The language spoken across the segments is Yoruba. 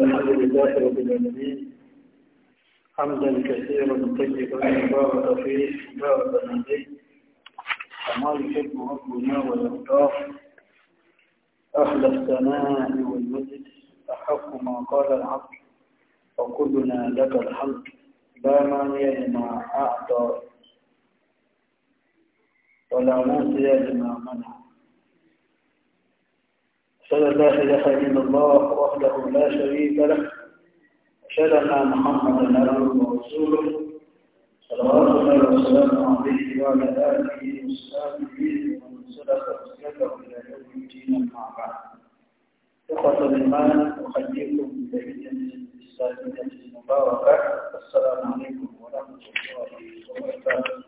الحمد لله رب العالمين حمدا كثيرا طيبا مباركا فيه مباركا عليه كما يحب ربنا ويرضاه أهل الثناء والمجد أحق ما قال العبد وكلنا لك الحمد لا مانع لما أعطى ولا موسى لما منع أشهد أن لا إله إلا الله وحده لا شريك له أشهد أن محمدا عبده ورسوله صلوات الله وسلامه عليه وعلى آله وصحبه ومن سلك سلكه إلى يوم الدين أما بعد إخوة الإيمان أحييكم بتحية إسلامية المباركة السلام عليكم ورحمة الله وبركاته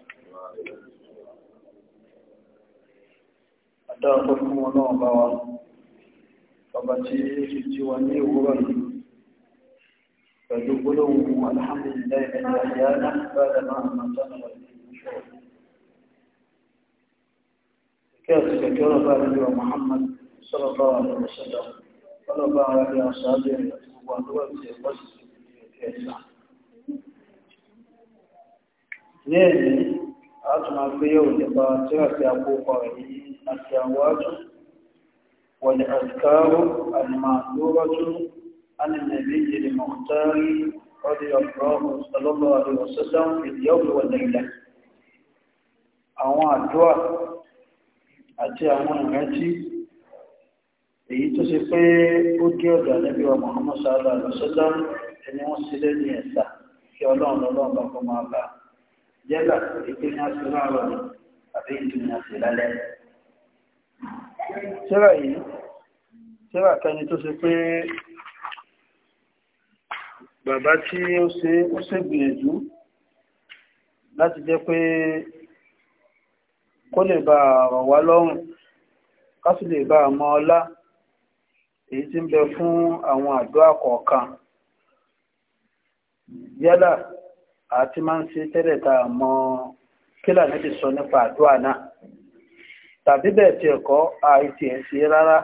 أدعوكم ونوبة ọba tí tí wà ní òwúrọ̀ yìí pẹ̀lú gbólóhùn alhamdulilayi ẹni àyà náà bá dà máa máa sánà wà ní ìṣòro. kí àti kẹ̀kẹ́ ọ̀rọ̀ bá rẹ̀ wà Muhammad sọ̀rọ̀ bá wà lọ́wọ́ sọ̀rọ̀ ọ̀rọ̀ bá wà rẹ̀ àṣà àbẹ̀ rẹ̀ gbogbo àdúrà tí ẹ̀kọ́ sì ti di ẹ̀kẹ́ ẹ̀sà. ní ẹ̀yìn a tún máa gbé yẹ̀wò nípa tíra tí a kó pa rẹ̀ yìí àti àwọn àjò والأذكار المعذورة عن النبي المختار رضي الله صلى الله عليه وسلم في اليوم والليلة àwọn àdúrà àti àwọn ìrántí èyí tó ṣe pé ó gé ọ̀dà níbi ọmọ ọmọ sáàlá àlọ́sọ́lá ẹni wọ́n sílẹ̀ ní ẹ̀sà kí ọlọ́run lọ́lọ́run bá kọ́ máa bá yálà èyí tó ní àti láàárọ̀ àbí ìdúnyàtì lálẹ́ tíra yìí tíra kẹni tó ṣe pé bàbá tí ó ṣe ó ṣe gbìyànjú láti jẹ́ pé kó lè bá rọ̀ wá lọ́rùn ká sì lè bá mọ ọlá èyí tí ń bẹ fún àwọn àdúrà kọ̀ọ̀kan yálà àti máa ń ṣe tẹ́lẹ̀ tá a mọ kílà níbi sọ nípa àdúrà náà tàbí bẹ́ẹ̀ tí ẹ̀kọ́ àìtì ẹ̀ ṣe rárá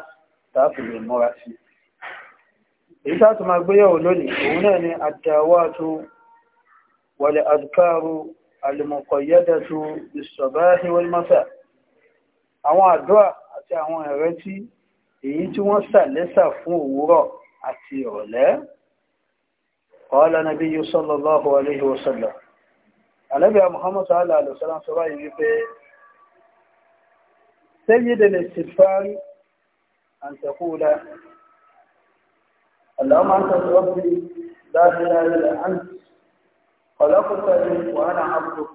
tààfù lè múra sí èyí sáàtù máa gbéyàwó lónìí òun náà ni àdáwàtú wàlẹ̀ àdùkáàrù alìmọ̀kọ̀yẹ́dẹ̀tù ìsọ̀báhí wal masa àwọn àdúrà àti àwọn ẹ̀rẹ́ tí èyí tí wọ́n sà lẹ́sà fún òwúrọ̀ àti ìrọ̀lẹ́ qala nabiyyu sallallahu alaihi alẹ́bíà muhammadu sallallahu alaihi wasallam sọ báyìí wípé سيد الاستغفار أن تقول اللهم أنت ربي لا إله إلا أنت خلقتني وأنا عبدك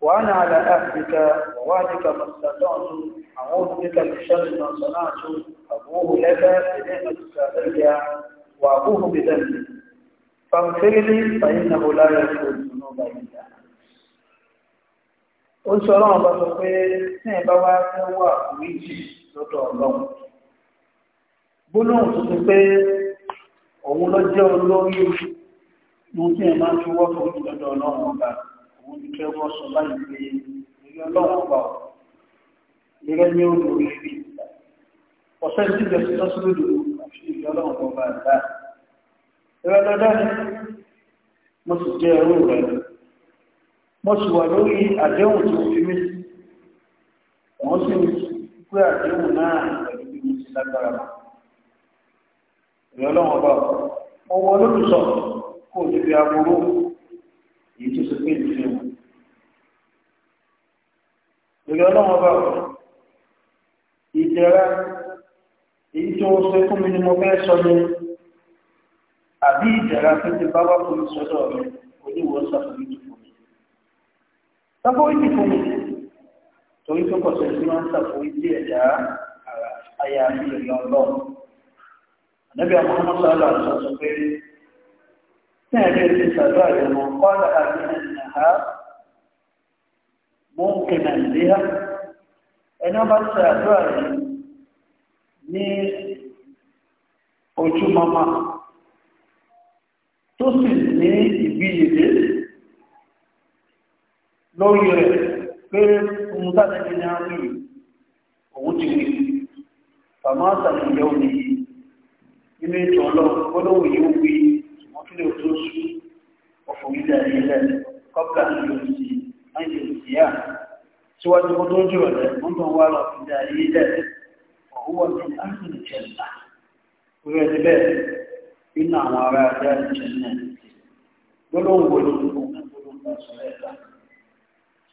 وأنا على عهدك ووعدك ما استطعت أعوذ بك من شر ما صنعت أبوه لك بنعمتك علي وأبوه بذنبي فاغفر لي فإنه لا يغفر الذنوب إلا أنت ó sọ ọlọ́run bá sọ pé tí ẹ bá wá fẹ́ wà oríjì lọ́dọ̀ ọlọ́run gbólóhùn tó ti pé òun ló jẹ́ olórí mú tí ẹ máa ń fi wọ́pọ̀ ojú lọ́dọ̀ ọlọ́run ọba òun ti kẹ́ wọ́n sọ láì pé ilé ọlọ́run ọba ò gẹ́gẹ́ ní olórí rí ọ̀sẹ̀ tí ìjọ sí lọ́sí lódò àti ilé ọlọ́run ọba àgbà ẹ̀rọ lọ́dọ̀ ni mo sì jẹ́ ẹrú rẹ̀ mo sì wà lórí àdéhùn tí mo fi mí sí wọ́n sì ń pé àdéhùn náà pẹ̀lú bí mo ti lágbára mọ́ ìrọ̀lọ́wọ́n ọba mo wọ lóṣùṣọ kó o níbi aburú èyí tó ṣe pé ìdílé wọn ìrọ̀lọ́wọ́n ọba ìjẹra èyí tó ṣe fún mi ni mo fẹ́ sọ ni àbí ìjẹra tó ti bá wà fún mi sọ́dọ̀ mi oníwòsàn fún sáfóríjì fún mi torí tó kọ̀sọ̀ tí wọ́n ń sàfóríjì ẹ̀dá àyà àti ìrìn ọlọ́run ànábì àwọn ọmọ sọ́ọ́lá sọ sọ pé tí ẹ̀rẹ́ ti sàdọ́ àyẹ̀mọ̀ kọ́lá àti ẹ̀nà ha mú kìnà ìdí ha ẹni ọba sàdọ́ àyẹ̀ ní ojú mama tó sì ní ìbíyèlé lórí rẹ̀ pé ohun tàbí ti ní àwọn yìí òun ti rí bàmá àtàlẹ̀ ìyẹ́ òní nínú ètò ọlọ́run ní òsì yá síwájú wọ́n tó ń wá lọ orí ẹni bẹ́ẹ̀ nínú àwọn ará ajá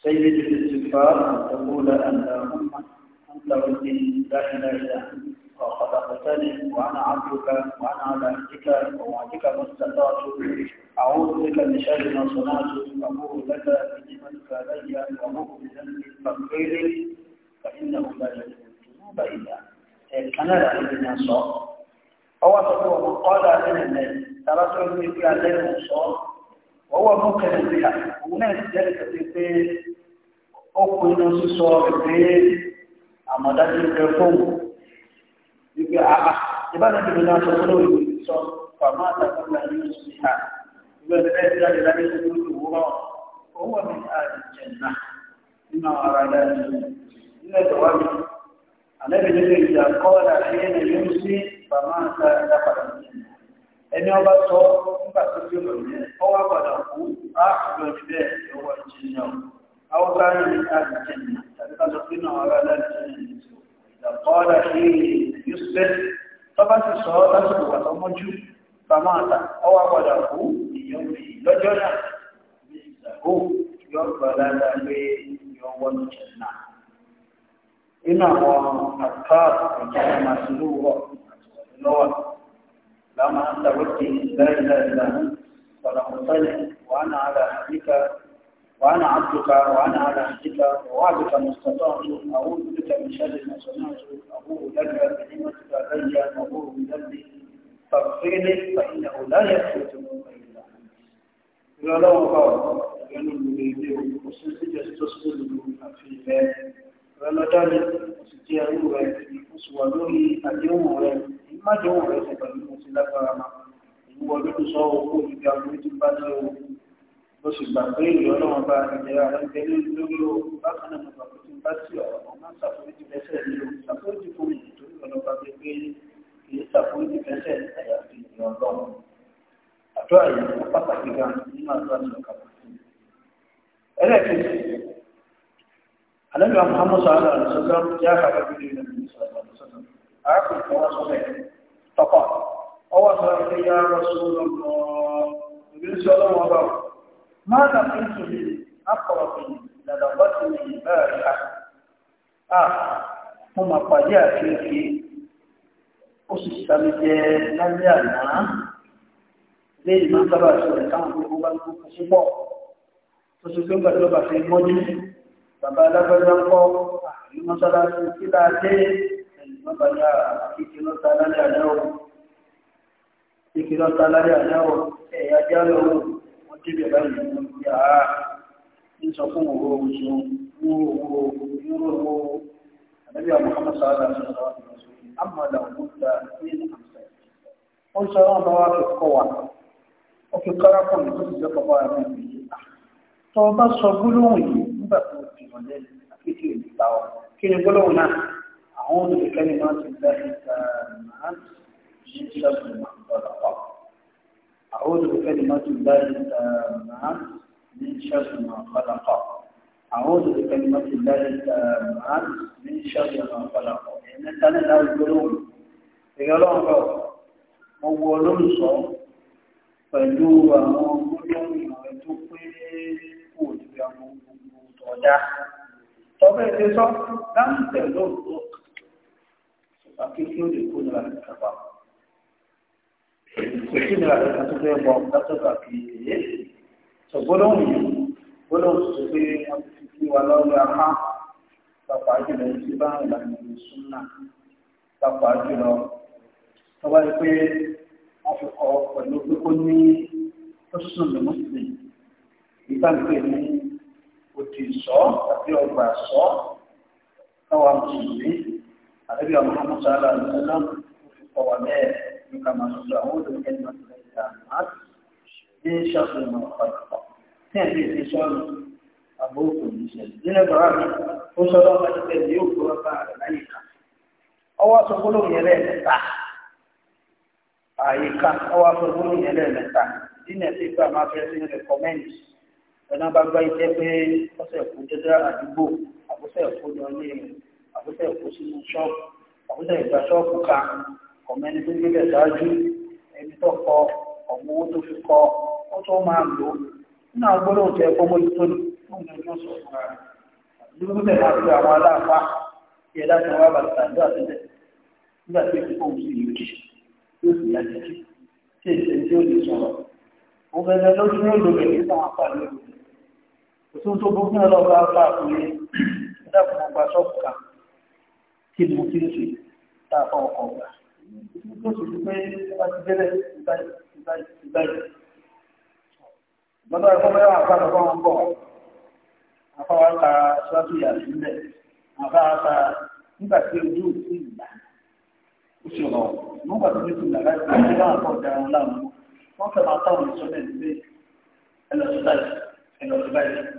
سيد الاستغفار أن تقول أن لا أنت ربي لا إله إلا أنت وخلقتني وأنا عبدك وأنا على عهدك ووعدك ما استطعت أعوذ بك من شر ما صنعت أبوء لك بنعمتك علي وأبوء بذنبي فاغفر فإنه لا يغفر الذنوب إلا كان إيه، لا يبنى صوم هو تقول من قال من الناس ترى تقول في عليه الصوم وهو ممكن بها òun náà ti jẹ́ nìkan sí pé ó kú inú sísọ rẹ̀ pé àmọ̀dájú fẹ́ fóun wípé àbá ah, ah, ìbára ti gbìyànjú aṣọ fún òwe sọ pàmò àtàkùnlá ní oṣù ìhà ìwé ẹgbẹ́ ti jáde láyé tó ní òwúrọ̀ owó mi àdìjẹ̀ náà nínú àwọn ará ilé ẹ̀jẹ̀ nínú ẹ̀jẹ̀ wá mi àlẹ́ mi nílé ìjà kọ́ ọ̀dà sí ẹ̀yẹ yóò sí pàmò àtàkùnlá ní oṣù ìhà ẹni ọba tọ́ nígbà tó tí ó lọ ọwọ́ padà kú áàpùlọ níbẹ̀ lọ́wọ́ ìjìnlẹ̀ haúsá ní àdìjẹ̀nì tàbí ká sọ náà ara aláìjẹ̀nì لما أنت وجهي لا إله إلا أنت فنقتنع وأنا على عهدك وأنا عبدك وأنا على عهدك ووعدك ما استطعت أعوذ بك من شر ما صنعت أبوء لك بنعمتك علي وأبوء بذنبي فاغفر لي فإنه لا يغفر الذنوب إلا أنت. إلى الله قال: "أنا المريد وسنسجد تصبر في الباب ramadan ó sì jẹ́ ẹrú rẹ̀ ó sì wà lórí àdéhùn rẹ̀ èyí má déhùn rẹ̀ ṣe pẹ̀lú mo ti lágbára ma èyí wọ lójú sọ owó ibi àwọn ètò bá ní o mo sì gbà pé ìyọ́ náà bá ìlera rẹ̀ bẹ lórí o bákan náà mo gbà pé tí n bá sí ọ̀rọ̀ mo máa ṣàforíjì lẹ́sẹ̀ ní o ṣàforíjì fún mi nítorí ọlọ́ba pé pé kì í ṣàforíjì lẹ́sẹ̀ àyàfi ìyọ́ ọlọ́run àdúrà yìí ó pàtàkì gan nínú àdúrà tí ó kà pàtàkì ẹlẹ́ẹ̀kejì annabi muhammad sallallahu alaihi wasallam ya kafa bidiyo da annabi sallallahu alaihi wasallam a ku ko wasu ne tafa awa sa ya rasulullah bin sallallahu alaihi wasallam ma da kuntu bi aqrabi la dabatni bariha ah kuma pàdé àkíyèsí ó sì sáré jẹ lálẹ́ àná léyìn máa ń sábà ṣẹlẹ̀ káwọn gbogbo bá gbogbo sí pọ̀ tó ṣe pé ń gbàdúrà bá fi mọ́jú bàbá alágbẹ́jọ́ ń kọ́ àrí mọ́sálásí tí láà dé ẹ̀yìn mọ́bà ní ìkìlọ́ta lálẹ́ àdáwọ̀ ìkìlọ́ta lálẹ́ àdáwọ̀ ẹ̀yà jálẹ̀ òun wọ́n sọ Muhammad sáadà sọ̀rọ̀ àmàlà òkúta ní àmàlà wọ́n sọ wọn bá wà kọ́ wa ó fi kárákùn tó ti jẹ́ kọ́ bá wà ní bá sọ gbólóhùn yìí nígbà èèyàn lẹ́nu àti kí èyí gbà ọ kí ni gbólóhùn náà àwọn olùdókẹ́ ni wọ́n ti gbà ìta máa ṣe ṣọ́ọ̀bù máa gbọ́dọ̀ pọ̀ àwọn olùdókẹ́ ni wọ́n ti gbà ìta máa ṣe ṣọ́ọ̀bù máa gbọ́dọ̀ pọ̀ àwọn olùdókẹ́ ni wọ́n ti gbà ìta máa ṣe ṣọ́ọ̀bù máa gbọ́dọ̀ pọ̀ ẹ̀ẹ́dẹ́ tánẹ́ náà gbólóhùn ìrọ̀lọ́run ọ̀dá tọ́bẹ̀ ti sọ láǹtẹ̀ lóòótọ́ ṣùgbọ́n kí kí ó lè kó nira lẹ́ka pa kò sí nira lẹ́ka tó fẹ́ bọ́ látọ̀gbà kì í yé ṣùgbọ́n yìí gbọ́dọ̀ sọ pé wọ́n ti fi wa lọ́rọ̀ apá pàpà jùlọ tí bá ń lànà ìṣúná pàpà jùlọ tọ́ba yìí pé wọ́n fi kọ́ pẹ̀lú pé ó ní ó sùn lọ́mọ́sìn ìgbà pé ní òtì sọ tàbí ọgbà sọ káwa mùsùlùmí àbẹ́bí àwọn ọmọ sàálà lọ́nà òfìkọ̀ wà bẹ́ẹ̀ ní kàmá sọ̀tọ̀ àwọn olùkọ́ ẹni máa tẹ̀lé ìta àmà ní ṣàfihàn ọ̀pọ̀lọpọ̀ tí ẹ̀ fi ti sọ́ọ̀nù àbó kò ní ṣẹlẹ̀ nínú ìgbà mi ó sọ lọ́wọ́ láti tẹ̀lé yóò gbọ́ bá rẹ̀ láyé ká ọwọ́ sọ gbólóhùn yẹn lẹ́ẹ̀mẹ́ta àyíká ọwọ́ sọ gbólóhùn yẹn lẹ́ẹ̀mẹ́ta nínú ẹ̀ fi gbà máa fẹ́ sí rẹ̀ kọ́mẹ́ǹtì ẹ̀nà bá gbá iṣẹ́ pé ọ̀sẹ̀ kó jẹ́jẹ́ àdúgbò àbúṣẹ̀ kó lọ ní àbúṣẹ̀ kó sínú ṣọ́ọ̀bù àbúṣẹ̀ ìgbà ṣọ́ọ̀bù ká ọ̀mẹ́ni tó gbélé ṣáájú ẹni tó kọ ọ̀gbọ́n owó tó fi kọ ó tó máa lò ó nínú agbọ́dọ̀ tẹ fọmọ ìtòlù fún ìdójú ọ̀sọ̀ fúnra rẹ̀ lórí bẹ́ẹ̀ máa fi àwọn aláàfà tí ẹ láti wá bàtà ìdó àtẹ́tẹ́ nígbà tí èkó òun sì yòókì yóò sì yá tó tó gbogbo náà lọ́wọ́ apá àkùnrin ìdáàbò mọ́ gba ṣọ́ọ̀bù kan kí ni mo fi ń ṣe tá a fọ ọkọ̀ gbà. tó sì pé wá ti délẹ̀ ìbáyìí. lọ́dọ̀ ẹ̀kọ́ mẹ́wàá àgbà lọ́wọ́ wọn bọ̀ àfáwá ta ṣáàtú yà sílẹ̀ àfáwá ta nígbà tí ojú ò sí ìgbà ó sì rọ̀ nígbà tó ní ti ìgbà láti ṣe láwọn àpọ̀ ìdáhùn láàmú wọ́n fẹ́ máa táwọn ìṣọ́lẹ̀ nílé ẹlọ́sí báyìí ẹlọ́sí báyìí.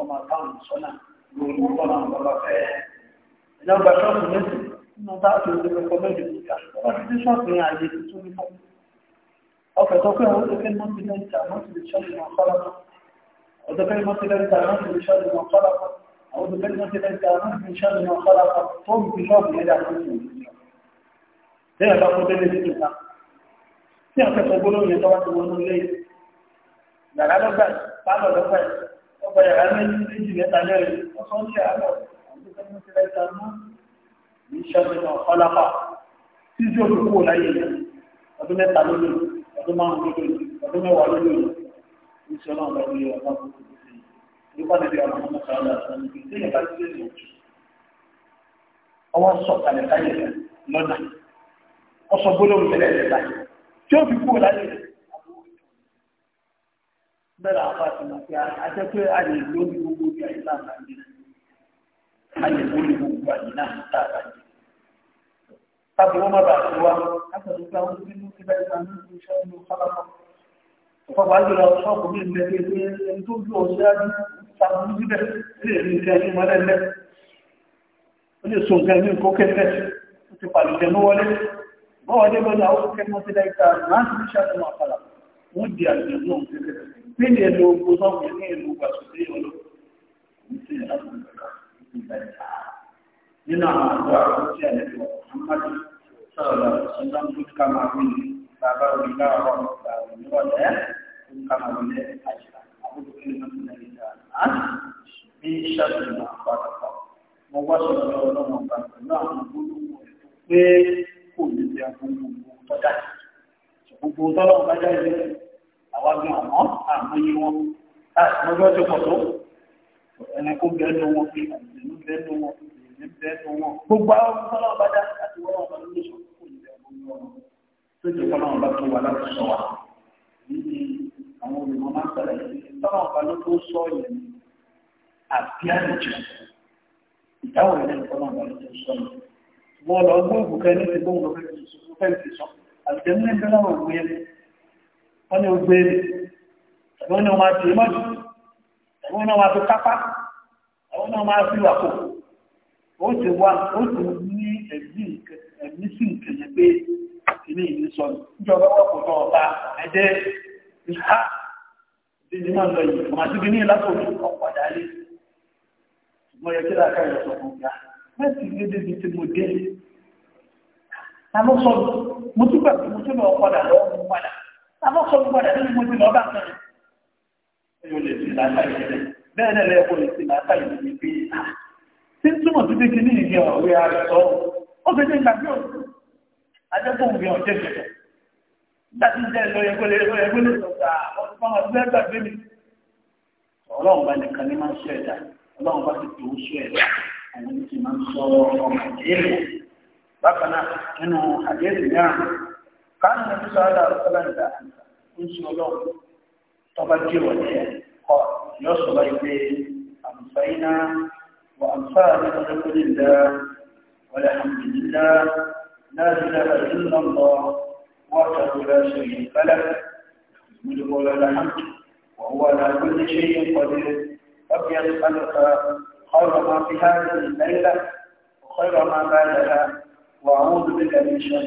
ọmọ táwọn sọ́nà lórí ọmọ ọmọ fẹ́ ìjọba ṣọ́ọ̀tù méjì nínú táàtù ìdílé ọkọ̀ méjì kíkà ọba títí ṣọ́ọ̀tù ní ààyè tuntun ní fọ́ ọkọ̀ tó pé àwọn òṣèké mọ́tìlẹ́ńtà mọ́tìlẹ́ ṣọ́ọ̀tù wọn fọ́lá òṣèké mọ́tìlẹ́ńtà mọ́tìlẹ́ ṣọ́ọ̀tù wọn fọ́lá àwọn òṣèké mọ́tìlẹ́ńtà mọ́tìlẹ́ ṣọ́ọ̀tù wọn fọ́lá tó ń fi ṣọ́ọ̀tù yẹn dà mọ́tìlẹ́ tí a kẹsàn gbólóhùn yẹn tọ́wọ́ ti wọnú ilé yìí yàrá lọ́gbà yìí pálọ̀ lọ́gbà yìí ọgbọ̀dẹ̀ rẹ̀ méjì mẹ́ta lẹ́rẹ̀ ọ̀sán tí a lọ ìṣẹ́gbẹ̀rẹ̀ ọ̀pọ̀lápá tí tí ó fi kúrò láyé ọdún mẹ́ta lórí ọdún márùn-ún lórí ọdún mẹ́wàá lórí ìṣọ́nà ọ̀gbẹ̀rẹ̀ ọ̀pọ̀lápá nípa níbi àwọn ọmọ sàrọ̀lá sọ́nà ìgbésẹ̀ bá ti lè ọwọ́ sọ̀kalẹ̀ láyé lọ́nà ọ̀sọ̀ gbólóhùn mẹ́lẹ̀ lẹ́ta tí ó fi kúrò láyé bẹ́ẹ̀ àpá àti màkì àjẹ́ pé a lè lórí gbogbo bí ayé náà bá yẹ a lè lórí gbogbo ayé náà tá a bá yẹ. tábí wọ́n má bàa tó wa látọ̀dọ̀ pé àwọn tó ń fi bẹ́ẹ̀ máa ń fi iṣẹ́ nínú fáláfá. ọ̀pọ̀lọpọ̀ àjọyọ̀ ṣọ́ọ̀kù mi ń bẹ pé ẹni tó bí ọ̀ṣẹ́ á sàbùn síbẹ̀ lè rí nǹkan ẹni mọ́lẹ̀ lẹ́ ó lè so nǹkan ẹni kókè lẹ́ ó ti pàlùjẹ ló wọlé bọ́wọ́dé lọ́dọ̀ àwọn kẹ́kẹ́ mọ́tẹ́lẹ́ ìta máa ń fi ṣàtúnwà wọ́n di àjọyọ̀ náà Kí ni èlò ogun náà mi ní èlò pàṣẹ olóògùn? Kì í ṣe ìlànà ìgbàlá ìgbà ìta. Nínú àwọn àgbà àkọsí àlejò Muhammadu sọ̀rọ̀ ṣọ́nà tó ká máa wí ní bàbá orí láàárọ̀ ìgbàlódé níwọ̀lẹ́ tó ká máa wí ní àjìlá. Àwọn olùkíni náà ti lẹ́yìn dáa. Á bí ṣàtúnṣe àpapọ̀. Mo wá sọ̀rọ̀ ọlọ́run ọba pẹ̀lú àwọn gbólóhùn ẹ̀ pé kò ní ti àgbóhùn gbogbo tọ́jà. Gbogbo tọ́lọ́ àwa bí wọn mọ àmọye wọn àmọye wọn tó pọ̀ tó ẹni kó bẹ́ẹ̀ nu wọn fi àtìlẹ́nu bẹ́ẹ̀ nu wọn ìdílé bẹ́ẹ̀ nu wọn gbogbo àwọn ọmọdé ọba dá àti wọn ọba lórí ìṣòro kò ní bẹ́ẹ̀ gbogbo wọn tó ti kọ́ náà ọba tó wà láti sọ wa níbi àwọn olùkọ́ máa ń sọ̀rọ̀ yìí tọ́nà ọba ló tó sọ yẹn àbí àlejò ìdáwọ̀ yẹn tọ́nà ọba ló tó sọ yẹn bọ́ọ̀lù ọgbọ́n ìbùkẹ́ wọ́n ní ogbe wọ́n ní máa tèé mọ́jú wọ́n ní máa fi kápá wọ́n ní máa fi wàkó ó sì wá ó sì ní ẹ̀mí sí ìkẹ̀yẹ̀ pé ilé ìlú sọ̀rọ̀ níjọba ọ̀pọ̀tọ̀ ọ̀tá ẹ̀dẹ́ ìhá ìdí máa lọ yìí ọmọ àti bí ní látòmí ọ̀pọ̀dà lé ṣùgbọ́n yẹ kí láàká yẹ sọ fún ah, mo dé ta ló sọ mo tún gbà pé mo tún àmọ́ sọ gbogbo ẹ̀dá nínú gbogbo ọba kan ẹni o lè fi làákà yìí rẹ bẹ́ẹ̀ náà lẹ́yìn kó lè fi làákà yìí rẹ pé a ah, ti ń túmọ̀ sí pé ní ìgbẹ́ ọ̀rẹ́ ara sọ ó fi dé ìgbà bí òun ajẹ́kọ̀ òun yẹn ọ̀jẹ̀ jẹ̀jẹ̀ nígbà tí ń jẹ́ lọ yẹ gbọ́lẹ̀ lọ yẹ gbọ́lẹ̀ sọ̀tà ah, ọdún ọdún ẹgbà gbé mi. ọlọ́run bá nìkan ní máa ń sọ ẹ̀dá ọlọ́run bá ti tó ń sọ ẹ̀dá àwọn ti máa ń sọ ọmọ ìdílé bákan náà nínú àdéhùn náà káàní nàbí sọ́ọ́lá ọ̀sọ́lá nígbà ń sọ ọlọ́run tọ́ba jí ìwọ̀lẹ́ kọ yóò sọ bá ìgbé àmùsáyínà wà àmùsáyínà lọ́dọ́kọ́lélá wàlẹ̀ àmùdílá láàrínlá ìlúlọ́lọ́ وحده لا شريك له يحمده ولا الحمد وهو على كل شيء قدير فبيسألك خير ما في هذه الليلة وخير ما بعدها وأعوذ بك من شر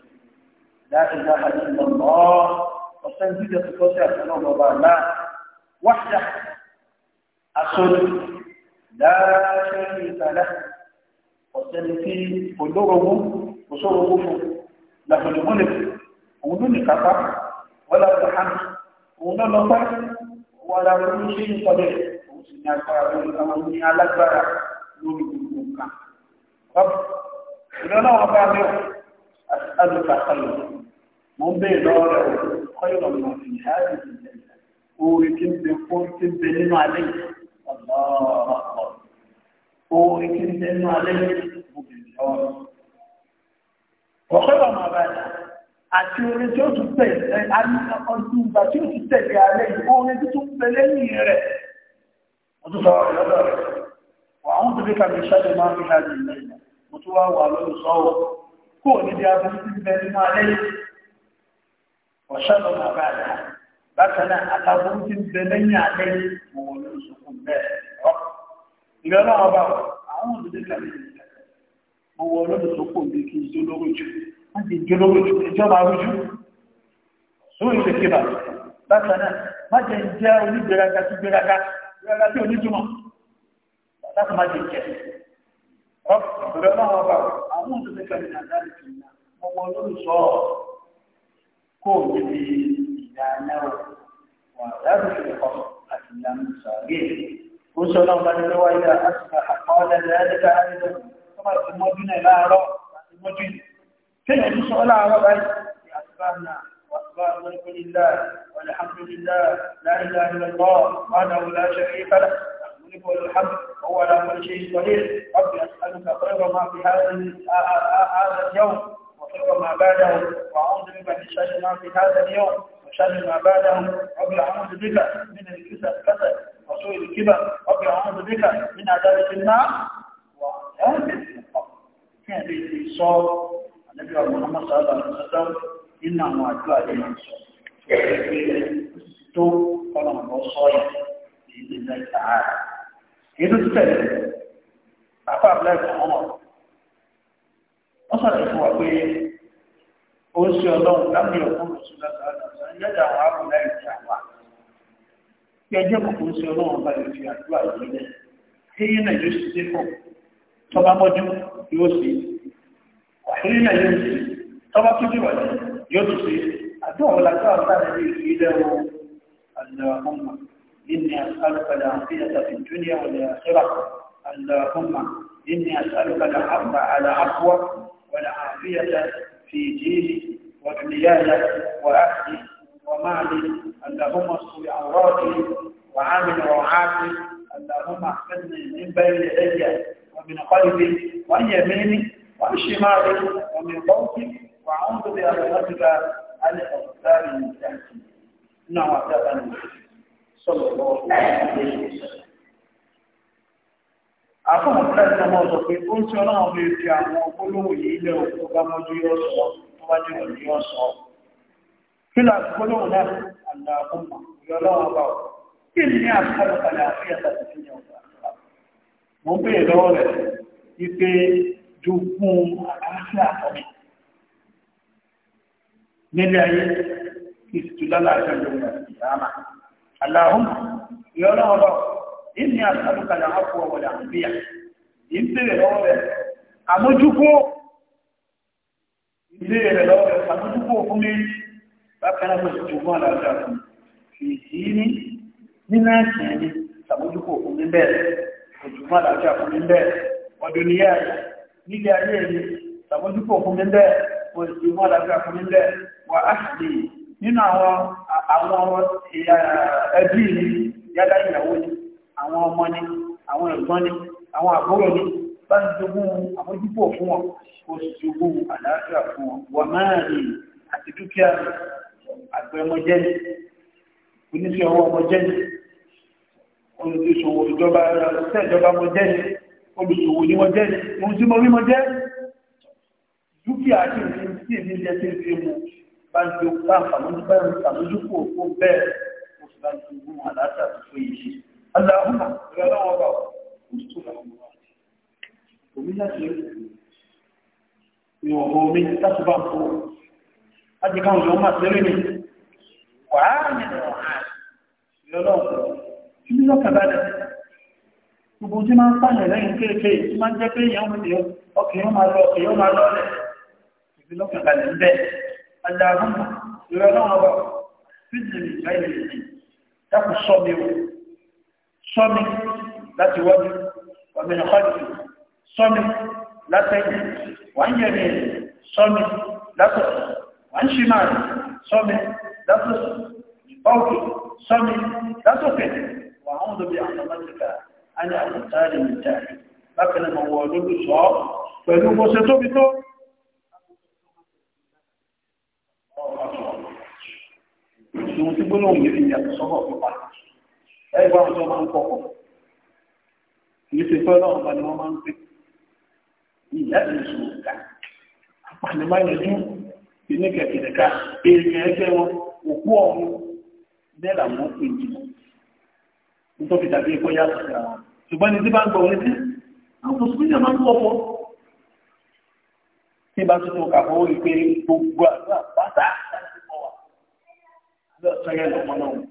لا إله إلا الله وسنجد تقوتي أسلام وبعلا وحده أصل لا شريك له وسنجد قدره وصوره له الملك ومن كفر ولا الحمد ومن الله ولا كل شيء قدير وسنجد أسلام على البرع لولي المكان رب إذا لا أبعد أسألك خيرا mo ń bèèrè lọ́wọ́ rẹ̀ kọ́yọ̀ lọ́nà ìyáàdì orí kí n bẹ fún kí n bẹ nínú alẹ́ ọ̀lọ́ọ̀ọ̀ orí kí n bẹ nínú alẹ́ mo bèèrè lọ́wọ́ ọ̀kọ́yọ̀ ọmọ àbáyà àti orin tí ó tún tẹ̀lé ọdún ìgbà tí ó tún tẹ̀lé alẹ́ orin tí tún bẹ lẹ́yìn rẹ̀ mo tún sọ ọ̀rọ̀ lọ́dọ̀ rẹ̀ wà àwọn tó fi kàmì ìṣẹ́lẹ̀ máa fi hàn ní mo tún wá wà lórí sọ́wọ́ kó ní bí a fi ń bẹ nínú alẹ́ yìí ọ̀ṣọ́nà bàbá rẹ̀ bákan náà àtàwọn tí ń bẹ lẹ́yìn alẹ́ òun ló sọkún bẹ́ẹ̀ rọ́ ìrẹ́ náà bá wọ àwọn òdòdó kàlẹ́ ìrìnlẹ̀ mo wọ ọlọ́dún sọkún bí kí n jó lóró jù wọ́n ti jó lóró jù ìjọba rújú sórí ìṣèkébà bákan náà má jẹ́ ń jẹ́ onígbéraga sí gbéraga gbéraga sí onídùmọ̀ láti má jẹ́ jẹ́ rọ́ ìrẹ́ náà bá wọ àwọn òdòdó kàlẹ́ ìrìnlẹ̀ kó o ti di ìdáná o wà lábùsùn kan àti ìlànà sàárè. ó sọ náà bá nílé wáyé àtúnṣe àkọọ́lẹ̀ lẹ́ẹ̀dẹ́gbà àríwá tó bá ti mọ́jú náà láàárọ̀ àti mọ́jú yìí. kéèyàn ti sọ láàárọ̀ báyìí ti àtúbà náà wàtúbà lórúkọ nílá wàlẹ́hàmdùlélá láìlá ìlọ́gbọ́ wàdà wùlá ṣẹ̀fẹ́ الملك والحمد هو على كل شيء قدير ربي اسالك خير ما في هذا هذا اليوم وشر ما بعده وأعوذ بك من شر ما في هذا اليوم وشر ما بعده رب أعوذ بك من الكسل وسوء الكبر رب أعوذ بك من عذاب النار وعذاب كان في صوت النبي محمد صلى الله عليه وسلم إن ما أتوا عليه تو قال ما صايا بإذن الله تعالى إذا استلم أفعل لك عمر wọ́n sọ̀rọ̀ fún wa pé ó ṣe ọlọ́run lámì ọ̀gbọ́n lọ́sùn lọ́sàn án lọ́sàn án yẹ́dà àwọn àrùn láì fi àwà kí ẹjẹ́ kòkó ṣe ọlọ́run bá lè fi àdúrà yìí lẹ̀ kéyí náà yóò ṣe sí fún tọ́ba mọ́jú yóò ṣe wàhírí náà yóò ṣe tọ́ba tó dìwà lẹ̀ yóò tún ṣe àdúrà wọn láti àwọn táwọn ilé ìfi lẹ́wọ̀ àdàmọ́mà إني أسألك العافية في الدنيا والآخرة اللهم إني أسألك العفو على عفوك والعافية في ديني ودنياي وأهلي ومالي اللهم اصل عوراتي وعامل روعاتي اللهم احفظني من بين يدي ومن قلبي ومن يميني ومن شمالي ومن فوقي وأعوذ بأرواحك أن أغتال من تحتي نعم صلى الله عليه وسلم àfọ̀n kẹta wọn sọ pé ó ń tí ọlọ́run lè fi àwọn gbólóhùn yìí lẹ́ òkú bá mọ́jú yóò sọ tó bá jẹ́ òní yóò sọ kí lọ gbólóhùn náà àlàáfọ̀mà ìyọlọ́wọ́ bá wọ kí ni àkọlù kalẹ̀ àfihàn tàbí fi yàn wọ́n mo ń béèrè lọ́wọ́ rẹ̀ wípé jogún bá wọ ìní àtàlùkàlà àpò ọ̀wọ̀dà àbíyà ìbéèrè lọ́wọ́ rẹ̀ àmójúkó ìbéèrè rẹ̀ lọ́wọ́ rẹ̀ àmójúkó fún mi bákan náà pẹ̀lú jùgbọ́n àlàáfíà fún fìdí ní nínú ẹ̀sìn ẹni àmójúkó fún mi bẹ́ẹ̀ òjùgbọ́n àlàáfíà fún mi bẹ́ẹ̀ ọdún ní yáà nílé ayé ẹni àmójúkó fún mi bẹ́ẹ̀ òjùgbọ́n àlàáfíà fún mi bẹ́ẹ̀ wà á sì nínú àwọn eh, ẹbí àwọn ọmọ ni àwọn ẹ̀gbọ́n ni àwọn àbúrò ni bá ń jogún àmójútó fún wọn kó sì jogún àlàáfíà fún wọn wà máa rí àti dúkìá àgbẹ̀ ọmọjẹ́ ni oníṣẹ́ ọwọ́ ọmọjẹ́ ni olùdíṣòwò ìjọba ìjọba ọmọjẹ́ ni olùṣòwò ni wọ́n jẹ́ ni ohun tí mo rí mọ́ jẹ́ dúkìá tí ìrìn sí ìrìn jẹ́ tí ìrìn mú bá ń jogún àǹfààní bá ń sàmójútó fún bẹ́ẹ̀ oṣù bá ń jogún àlàáfíà tó fún yìí Aláhùnà ìrọ̀lọ́wọ́ bá òtútù làwọn ọmọ àti omi láti rí ìwọ̀n omi láti bá ń kó. A jẹ káwọn ìwọ̀n máa tẹ́rẹ̀ ní wàá nínú ìrọ̀lọ́wọ́. Kí ní lọ́kà bá dẹ̀? Gbogbo tí máa ń pààyàn lẹ́yìn kéèkéè tí máa ń jẹ́ pé èèyàn mú ọkùnrin ó máa lọ ọkùnrin ó sọ́mi láti wọ́n ọ̀mìnà kọ́lùfì sọ́mi látẹ̀yìn wà ń yẹ̀mí sọ́mi látọ̀tọ̀ wà ń ṣí máa sọ́mi látọ̀tọ̀ ìbọ́ọ̀kì sọ́mi látọ̀kẹ̀ wà ń lóbi àwọn ọmọdéka a ní àkùntàrí ìjà bákan náà wọ lóbi sọ pẹ̀lú gbọ́sẹ tóbi tó Ìṣòwò tí gbóná òun yìí fi yàtọ̀ sọ́kọ̀ pípa ẹgbẹ́ àwọn tó máa ń kọ̀kọ̀ kìí ṣe fẹ́ lọ́wọ́ bá ni wọ́n máa ń pè ìyá ìṣòro ká àpànìmáyẹjú ìníkẹ̀kẹ̀ká èèyàn ẹgbẹ́ wọn òkú ọ̀run bẹ́ẹ̀ làwọn pè jù nítorí tàbí ẹ̀kọ́ yàtọ̀ sí àwọn ṣùgbọ́n ní tí bá ń gbọ́ wọn sí àwọn mùsùlùmí máa ń kọ̀kọ̀ tí bá tuntun kà fọwọ́ ìpè gbogbo àgbà bàtà láti kọ́ wa lọ́sọ̀rọ̀ ẹ̀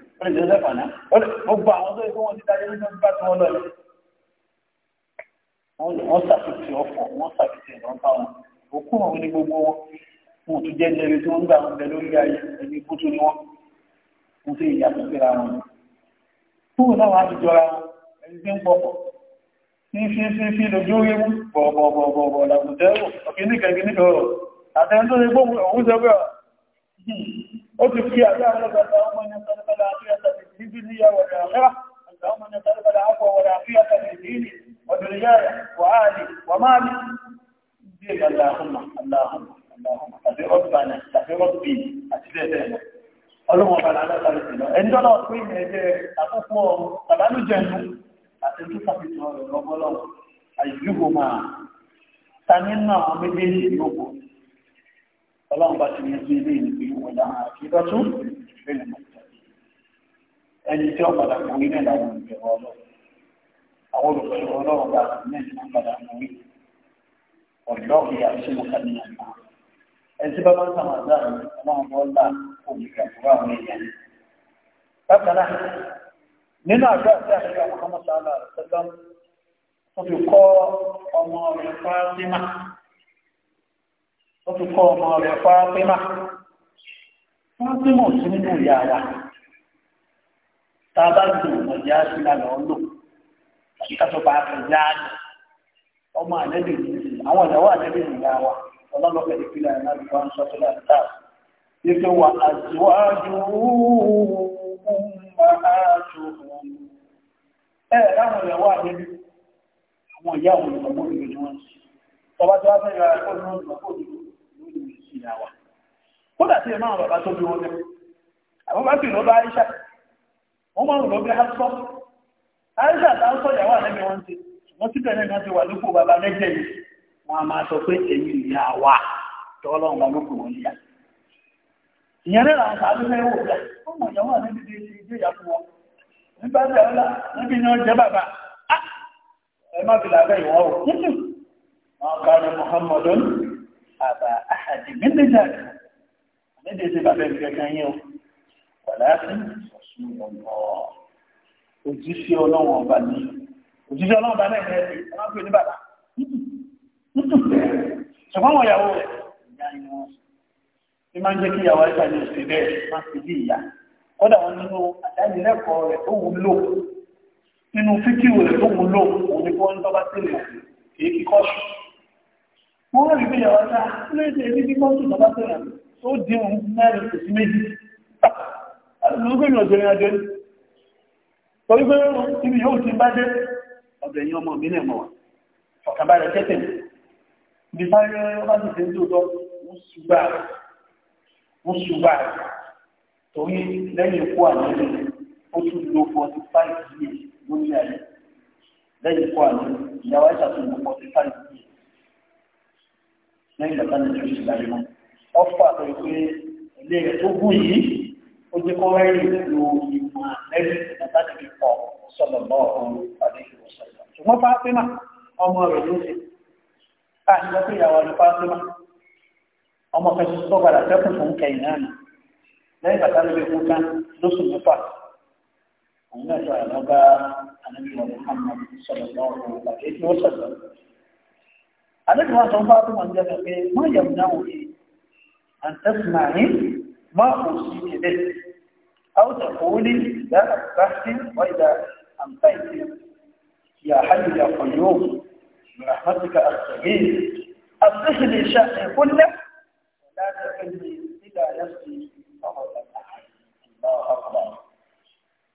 lórí ìjọba fàná gbogbo àwọn tó yẹ kó wọn ti dájọ́ nínú bá tí wọ́n lọ yìí wọ́n ṣàfihàn ọ̀fọ̀ wọ́n ṣàfihàn ìrọ̀ bá wọn òkú wọn ní gbogbo wọn wọn tún jẹ́ ẹni tí wọ́n ń gbà wọn bẹ lórí ayé ẹni kútu ni wọ́n wọ́n sì yàtọ̀ síra wọn kúrò náà wọ́n á ti jọra wọn ẹni tí ń pọ̀pọ̀ ní gbóhùn òun hmm. fi àbí àwọn ọ̀gá ọmọ في الدنيا والآخرة اللهم أن تقبل العفو والعافية في ديني ودنياي وأهلي ومالي اللهم اللهم اللهم أبي ربنا أبي ربي أسلمنا ọlọ́mọ ọba làálà sáré sí lọ ẹni tó lọ pé ẹ̀jẹ̀ àkókò àbálùjẹnu àti tó sàfihàn rẹ̀ lọ́gbọ́lọ́ àyíkú máa ta nínú àwọn méjèèjì yòókù ọlọ́run bá ti ní sí ilé ìlú ìwọ̀n dáhà àti ìdọ́tún ìfẹ́ nìmọ̀ ẹni tí wọ́n padà fún ilé làwọn olùbẹ̀rù ọlọ́run àwọn olùbẹ̀rù ọlọ́run bá mẹ́rin máa padà fún mi ọ̀dọ́ ìyá tí mo kà ní àná ẹtí bá bá ń sàmà dáa ní ọlọ́run bọ́ ńlá òbí kàkúrò àwọn èèyàn bákan náà nínú àjọ àti àṣírí àwọn ọmọ sàálà àtẹ́gbọ́n wọ́n fi kọ́ ọmọ rẹ̀ fáátímà wọ́n fi kọ́ ọmọ rẹ̀ fáátímà fáátímà sí nínú ìyá wa tá a bá lò ọjà sílànà ọlò kí ká tó ni ọmọ àlẹ́bí yìí sì àwọn ìyàwó àlẹ́bí yìí yá wa ọlọ́lọ́pẹ̀ ní pílẹ̀ náà ló ń sọ sílẹ̀ níta yíké wa àjùwájú ọmọ àjùwọ̀n ẹ láwọn ìyàwó àlẹ́bí àwọn ìyá òun ìgbàgbọ́ ìgbè ni wọ́n sì tọba tó wá fẹ́ yọ ẹ̀kọ́ ní ọdún ọkọ̀ òdòdó lórí ìsìn ìyá wa kódà sí ẹ̀ máa bàbá tó bí wọn lẹ́kọ̀ọ́ àbúbá sì ló bá iṣẹ́ wọ́n máa ń lọ bí aṣọ aṣọ àtàwọn sọ̀yàwó àlẹ́bí wọn ti wọ́n síbẹ̀ náà ti wà lóko bàbá lẹ́jẹ̀ yìí wọ́n a máa sọ pé èyí ìyá wa tọ́lọ́run bá lóko wọn níyà ìyẹn náà àwọn sàánú náà wò gbà ọmọ ìyàwó àlẹ́bí ti ṣe ìgbéyà fún wọn nígbà tí ọlá níbi ni wọ́n jẹ́ bàbá ah, ẹ má fi làbẹ́ ìwọ́ o wọn kà ní Muhammadun àbà àhàdì mí òjíṣẹ́ ọlọ́wọ̀n ọba ní òjíṣẹ́ ọlọ́wọ̀n ọba náà ẹ̀rẹ́ ọmọ pé ní bàbá ṣùgbọ́n wọ́n yàwó rẹ̀ ìyá inú wọn ní máa ń jẹ́ kí ìyàwó ẹ̀ka ní òsè bẹ́ẹ̀ máa fi bí ìyá kódà wọn nínú àdánilẹ́kọ̀ọ́ rẹ̀ tó wù lò nínú fíkìwò rẹ̀ tó wù lò òun ni wọ́n ń tọ́ba sílẹ̀ kì í kíkọ́ sùn wọ́n rí bí ìyàwó ẹ̀ka lúgbìn òjòrin ajé torí pé ibi yóò ti bá dé ọ̀bẹ̀ yí ọmọ mílẹ̀ mọ̀ ọ̀kàbàrẹ̀ tẹ́tẹ̀ bí sáré ọba ti tẹ́ tó tọ́ wọ́n ṣùgbà torí lẹ́yìn ikú àníyàn ó tún lo 45 years lórí ayé lẹ́yìn ikú àníyàn ìyàwó ẹ̀ṣà tún lo 45 years lẹ́yìn bàtà nìjọ́ ìṣẹ̀lẹ̀ ayé wọn ọ̀fà pẹ̀lú pé ilé rẹ̀ tó gùn yìí ó jẹ́ kọ́ rẹ́rìn lo ìmọ̀ lẹ́yìn ìdàgbàsókè pọ̀ sọ̀rọ̀ lọ́wọ́ ọ̀hún pàdé ìwọ̀ sọ̀rọ̀. ṣùgbọ́n fáfímà ọmọ rẹ̀ ló ṣe káàkiri lọ sí ìyàwó ní fáfímà ọmọ kẹsì tó padà sẹ́kùn fún kẹyìn náà nì lẹ́yìn bàtà ló fi lóṣù mẹ́fà òun náà sọ àná bá anábìyàn Muhammad sọ̀rọ̀ lọ́wọ́ pàdé ìwọ̀ sọ̀rọ̀. àdéhùn wa sọ fáfímà ń jẹ́ pé má yẹ̀ ما أوصيك به أو تقولي إذا أصبحت وإذا أمسيت يا حي يا قيوم برحمتك أستغيث أصلح لي شأني كله ولا تكلني إذا نفسي فقط أحد الله أكبر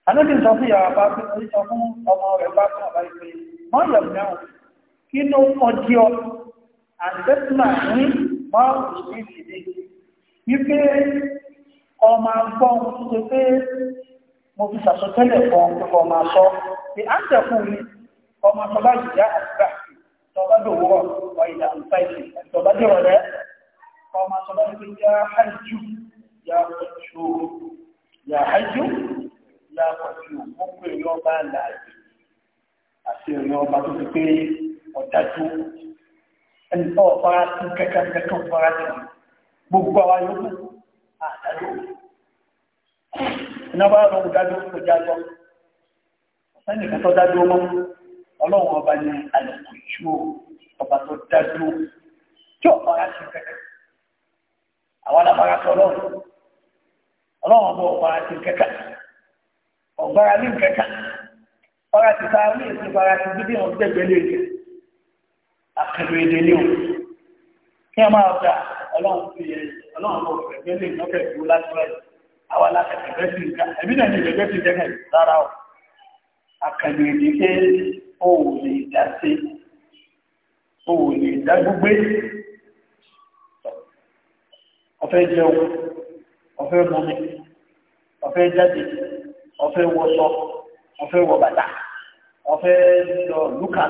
أنا كنت أطيع أباك أريد أقوم أمر أباك أباك ما يمنع كنو أديو أن تسمعني ما أوصيك به يمكن ọmọ agbọ́n ṣe pé mo fi ṣàṣọtẹ́lẹ̀ fún ọmọ pípọ̀ máa sọ pé á ń tẹ̀kùn mi ọmọ àtọ́bá ìyá àtúgbà tọba dòwúrọ̀ wà ìlà àǹfàìsì tọba dìrọ̀lẹ́ ọmọ àtọ́bá ìpín yá hajjú yá pọ̀jù yá hajjú yá pọ̀jù ó pè ní ọba láàyè àti ìrìn ọba tó fi pé ọ̀dájú ẹni tó ọ̀fara sí kẹ́kẹ́ kẹ́kẹ́ ọ̀fara sí gbogbo àwọn yòókù àdájọ́ iná bá lọ kó dájọ́ jájọ́ ọ̀sẹ́ni kan dájọ́ mọ́ ọlọ́run ọba ní àlùkò ìṣó ọba tó dájọ́ tí ọ̀pá ara ṣe kẹ́kẹ́ àwọn alábàárà sọ ọlọ́run ọlọ́run ọba ọ̀pá ara ṣe kẹ́kẹ́ ọ̀gbára ní kẹ́kẹ́ ọ̀rá ti ta ní èsì ọ̀rá ti dídí ọ̀gbẹ́gbẹ́lẹ́ àkẹ́lẹ́ èdè ní òun kí a máa gba ọlọ́run fi yẹn ọlọ́run kò fẹ̀gbẹ́ lè lọ́kẹ̀ tó láti wáyé àwa láti fẹ̀gbẹ́ sí nǹkan ẹ̀mí náà ní ìgbẹ́gbẹ́ sí jẹ́kẹ̀ o àkànnì èdè o ò lè dá sí o ò lè dá gbogbo ọ̀fẹ́ jẹun ọ̀fẹ́ mọ́mi ọ̀fẹ́ jáde ọ̀fẹ́ wọṣọ ọ̀fẹ́ wọ bàtà ọ̀fẹ́ lọ lùkà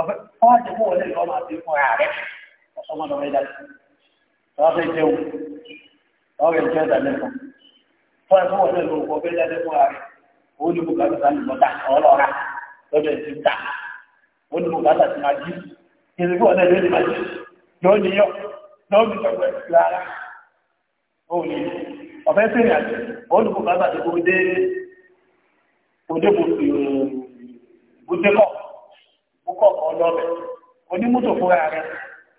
ọ̀fẹ́ fọwọ́n ti kó wọlé lọ́wọ́ fún ara rẹ̀ wọ́n fẹ́ jẹun wọ́n fẹ́ jẹun ìdálẹ́ fún fún ẹ̀fọ́ wọn lẹ́nu òkú ọ̀fẹ́ lẹ́nu fún ààrẹ ó ní bùkátà sani bọ́tà ọlọ́ra lọ́dọ̀ ẹ̀ ti ta ó ní bùkátà sí máa jí kìrì fún ọ̀nà ìlú máa jí yóò ní yọ lọ́ọ̀bì sọ̀rọ̀ ẹ̀ rárá ó ní ọ̀fẹ́ sẹ́yìn àti ó ní bùkátà sí kòdé kòdé eh, bùkọ́ bùkọ́ kọ́ lọ́ọ̀bẹ̀ onímọ́tò fúnra rẹ̀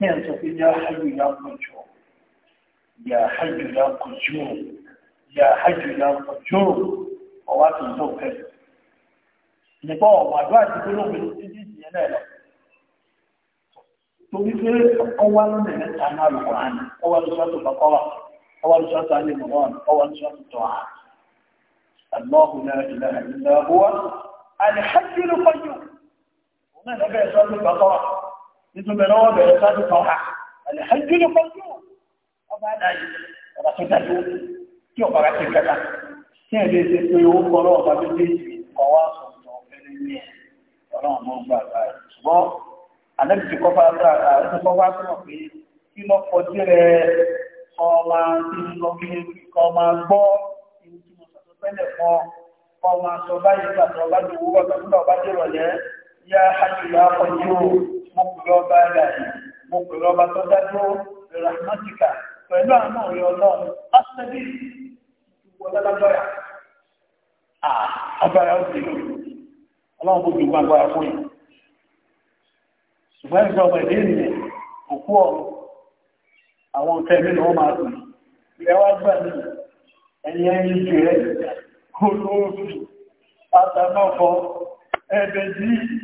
ní ẹ̀ sọ pé yá hajjú yá kọjú yá hajjú yá kọjú yá hajjú yá kọjú ọwá tó tó kẹsì nípa ọ̀wà àdúrà ti gbólóhùn títí ìyẹn náà lọ torí pé ọwá lónà mẹ́ta náà lọ wà ní ọwá lọ sọ́tò bàkọ́wà ọwá lọ sọ́tò alẹ́ mọ̀wọ́n ọwá lọ sọ́tò tọ́ Allahu la ilaha illa huwa al-hayyul qayyum. Òun náà lọ bẹ̀rẹ̀ sọ́tò bàkọ́wà nítorí lọ́wọ́ bẹ̀rẹ̀ sáájú kan ha alihamdu ló kọjú ọba adáyé ọba tó dájú tí ọba rà ti kẹta tí ẹ̀ lè ṣe pé ó kọ́ lọ́wọ́ ọba méjèèjì kan wá sọ̀tọ̀ ọ̀fẹ́rẹ́ ní ẹ̀ ọlọ́run mọ́ gbà gbà rẹ̀ ṣùgbọ́n anábì ti kọ́fà gbà rẹ̀ ti kọ́fà tó mọ̀ pé kí lọ́ kọjú rẹ̀ kọ́ máa ti lọ kí kọ́ máa gbọ́ ìwé tí mo sọ̀tọ̀ tẹ́lẹ̀ kọ́ máa mo pè lọ́ba rẹ̀ mo pè lọ́ba tó dájú rahmatika pẹ̀lú àwọn ọ̀rẹ́ ọlọ́run ọ́sẹ́bí ìwọlé lágbára agbára ó ti lò ọlọ́run kò ju agbára fún yìí ṣùgbọ́n ìjọ ọmọ ìdí ènìyàn òkú ọ̀run àwọn nǹkan ẹ̀mí ni máa dùn ìrẹ́ wá gbà ní ẹ̀yìn ẹ̀yìn jù rẹ̀ kó lóòfin àtàmọ́kọ ẹ̀bẹ̀ yìí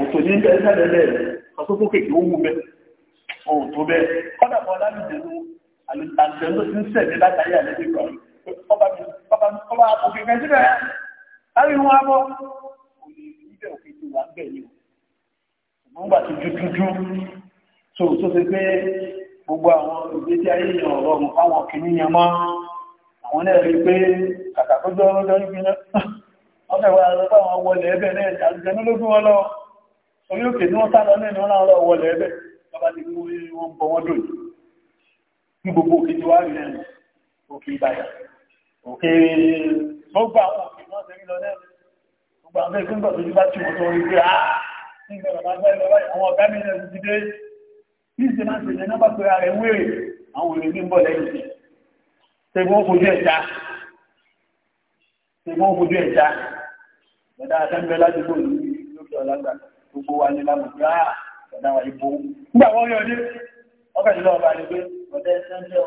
òtò ní bẹ́ẹ̀ sẹ́lẹ̀ lẹ́ẹ̀ ọ̀sọ́kókè ó mú bẹ́ẹ̀ ohun tó bẹ́ẹ̀ kọ́dà bọ́ lálùjẹ̀nu àlùjẹ̀nu ti ń sẹ̀lẹ̀ látàrí àlejò kan ọba òkè kan síbẹ̀ láti wọn abọ́ òní òkè tó wà bẹ́ẹ̀ ni ṣùgbọ́n gbà tó dúdúdú tó tó ṣe pé gbogbo àwọn ìgbésí ayé yẹn ọ̀rọ̀ ọ̀gùn fáwọn kìnnìyàn mọ́ àwọn náà rí pé kàkà tó dọ́rọ́ ọmọ ìwà àrẹ́gbà wọn wọlé ẹbẹ̀ náà àjẹ́nú ló gún wọn lọ orí òkè ní wọ́n sálọ náà wọ́n lọ wọlé ẹbẹ̀ bàbá ti mú wọn bọ wọn dòdì ní gbogbo òkè tí wàá rí náà òkè ìbàdàn òkè gbogbo àwọn òkè wọn ṣe rí lọ náà gbogbo àwọn ẹgbẹ́ ńgbà tó ti bá tì wọ́n tó rí pé á ah, nígbà bàbá bá ẹ̀rọ àwọn ọ̀gá mi náà ti dé bí ìṣe máa ń náà bá pé bọ̀dá àtẹ́gbẹ́ ládùúgbò ní lókè ọlágbà gbogbo wa ní lámùgbé àà ah, bọ̀dá wa ibo nígbà wọn yọ ní ọkà nílò ọba ni pé bọ̀dá ẹsẹ̀ ń jẹ́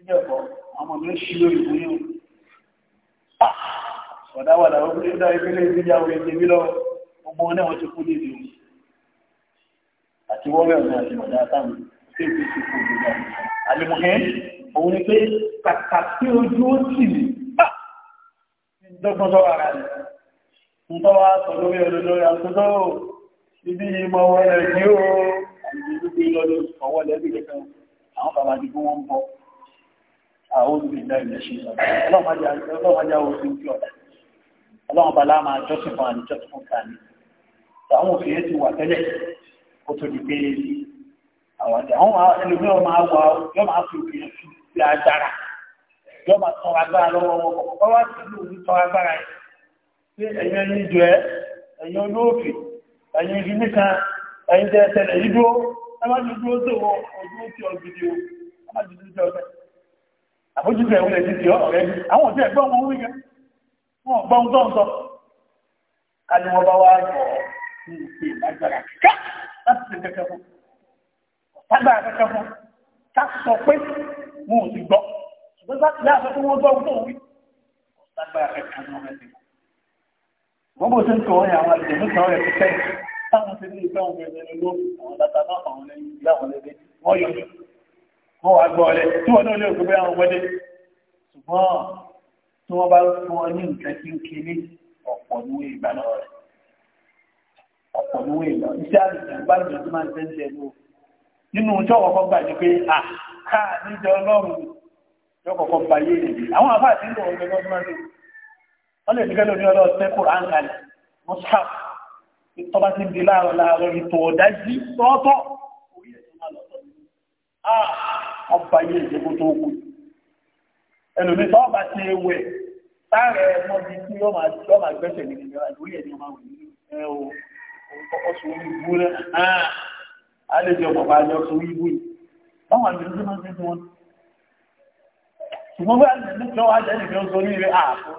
ìjẹ́ ọ̀pọ̀ àwọn ọmọ ṣí lórí ìwé o ah, bọ̀dá wà láwọn ọmọ ìdá ìpínlẹ̀ ìdíjà orí ẹgbẹ́ mi lọ gbogbo wọn náà wọ́n ti kú ní ìdí àti wọ́n ah, yọ̀ Ìtọ́wà sọ lórí ọdọdọ àtúntò ibi ìmọ̀ wọlé ní ó ìdílúgbé lọ́dọ̀ ọwọ́ lẹ́bí kẹfẹ́ àwọn bàbá dìbò wọn bọ́. Àwọn olùgbèdà ilẹ̀ ṣe sọ. Ọlọ́mọdé àwọn oṣù tí ọ̀dà. Ọlọ́run bàlá máa jọ́sìn fún àní jọ́sìn fún kàní. Àwọn òfin yẹn ti di pé àwọn àti àwọn ẹlòmíràn máa wà yọ máa fi òfin yẹn sí agbára. Yọ máa tọrọ agbára sí ẹ̀yìn ìjọ ẹ̀yìn olóòkè ẹ̀yìn igi nìkan ẹ̀yìn tẹ́ ẹsẹ̀lẹ̀ yìí dúró tó wọ ọdún tí ọ gidi o ẹ tó ọbẹ̀ àbójútó ẹ̀wọ̀n lè gbogbo tí ń tọ́ ọ̀yà àwọn àjẹ̀mú kan rẹ̀ ti táwọn ti ní ìfẹ́ òun ẹ̀rẹ̀ ló àwọn dáta náà àwọn lẹ́yìn ìlú àwọn wọ́n yọ wọ́n wá gbọ́ ọlẹ́ tí wọ́n náà lè gbé àwọn wẹ́dẹ́ ṣùgbọ́n tí wọ́n bá fún ọ ní nǹkan tí ń kiri ọ̀pọ̀ níwé ìgbà náà rẹ̀ ọ̀pọ̀ níwé ìgbà iṣẹ́ àgbẹ̀ bá jẹ́ tó máa ń tẹ́ńtẹ́ ló nínú ọjọ́ kọ̀ọ̀kan gbà ní pé à káà níjọ ọlọ́run ọjọ́ kọ̀ọ̀kan gbà yé èdè àwọn àbá àti ń lọ ọgbẹ́ gbọ́dọ̀ wọ́n lè nígbẹ́ lórí ọlọ́ ṣe kó àǹkàlẹ̀ mọ́sáà ìtọ́ba ti ń di láàrọ̀ láàrọ̀ ìtò ọ̀dájí tọ́ọ̀tọ̀ orí ẹ̀ tó máa lọ́tọ̀ ní ọba yìí ìjẹ́kó tó kù ẹlòmí tọ́ọ̀bà ti ewẹ̀ táàrẹ̀ mọ́bi tí ó máa gbẹ́sẹ̀ ní ìgbẹ́ àdúrí ẹ̀ ní ọmọ àwọn ìlú ọ̀sùn ìbú rẹ̀ àlejò ọ̀pọ̀pọ̀ àjọ ọ̀sùn ìbú yìí báwọn àmì ìlú máa ń gbé wọn ṣùgbọ́n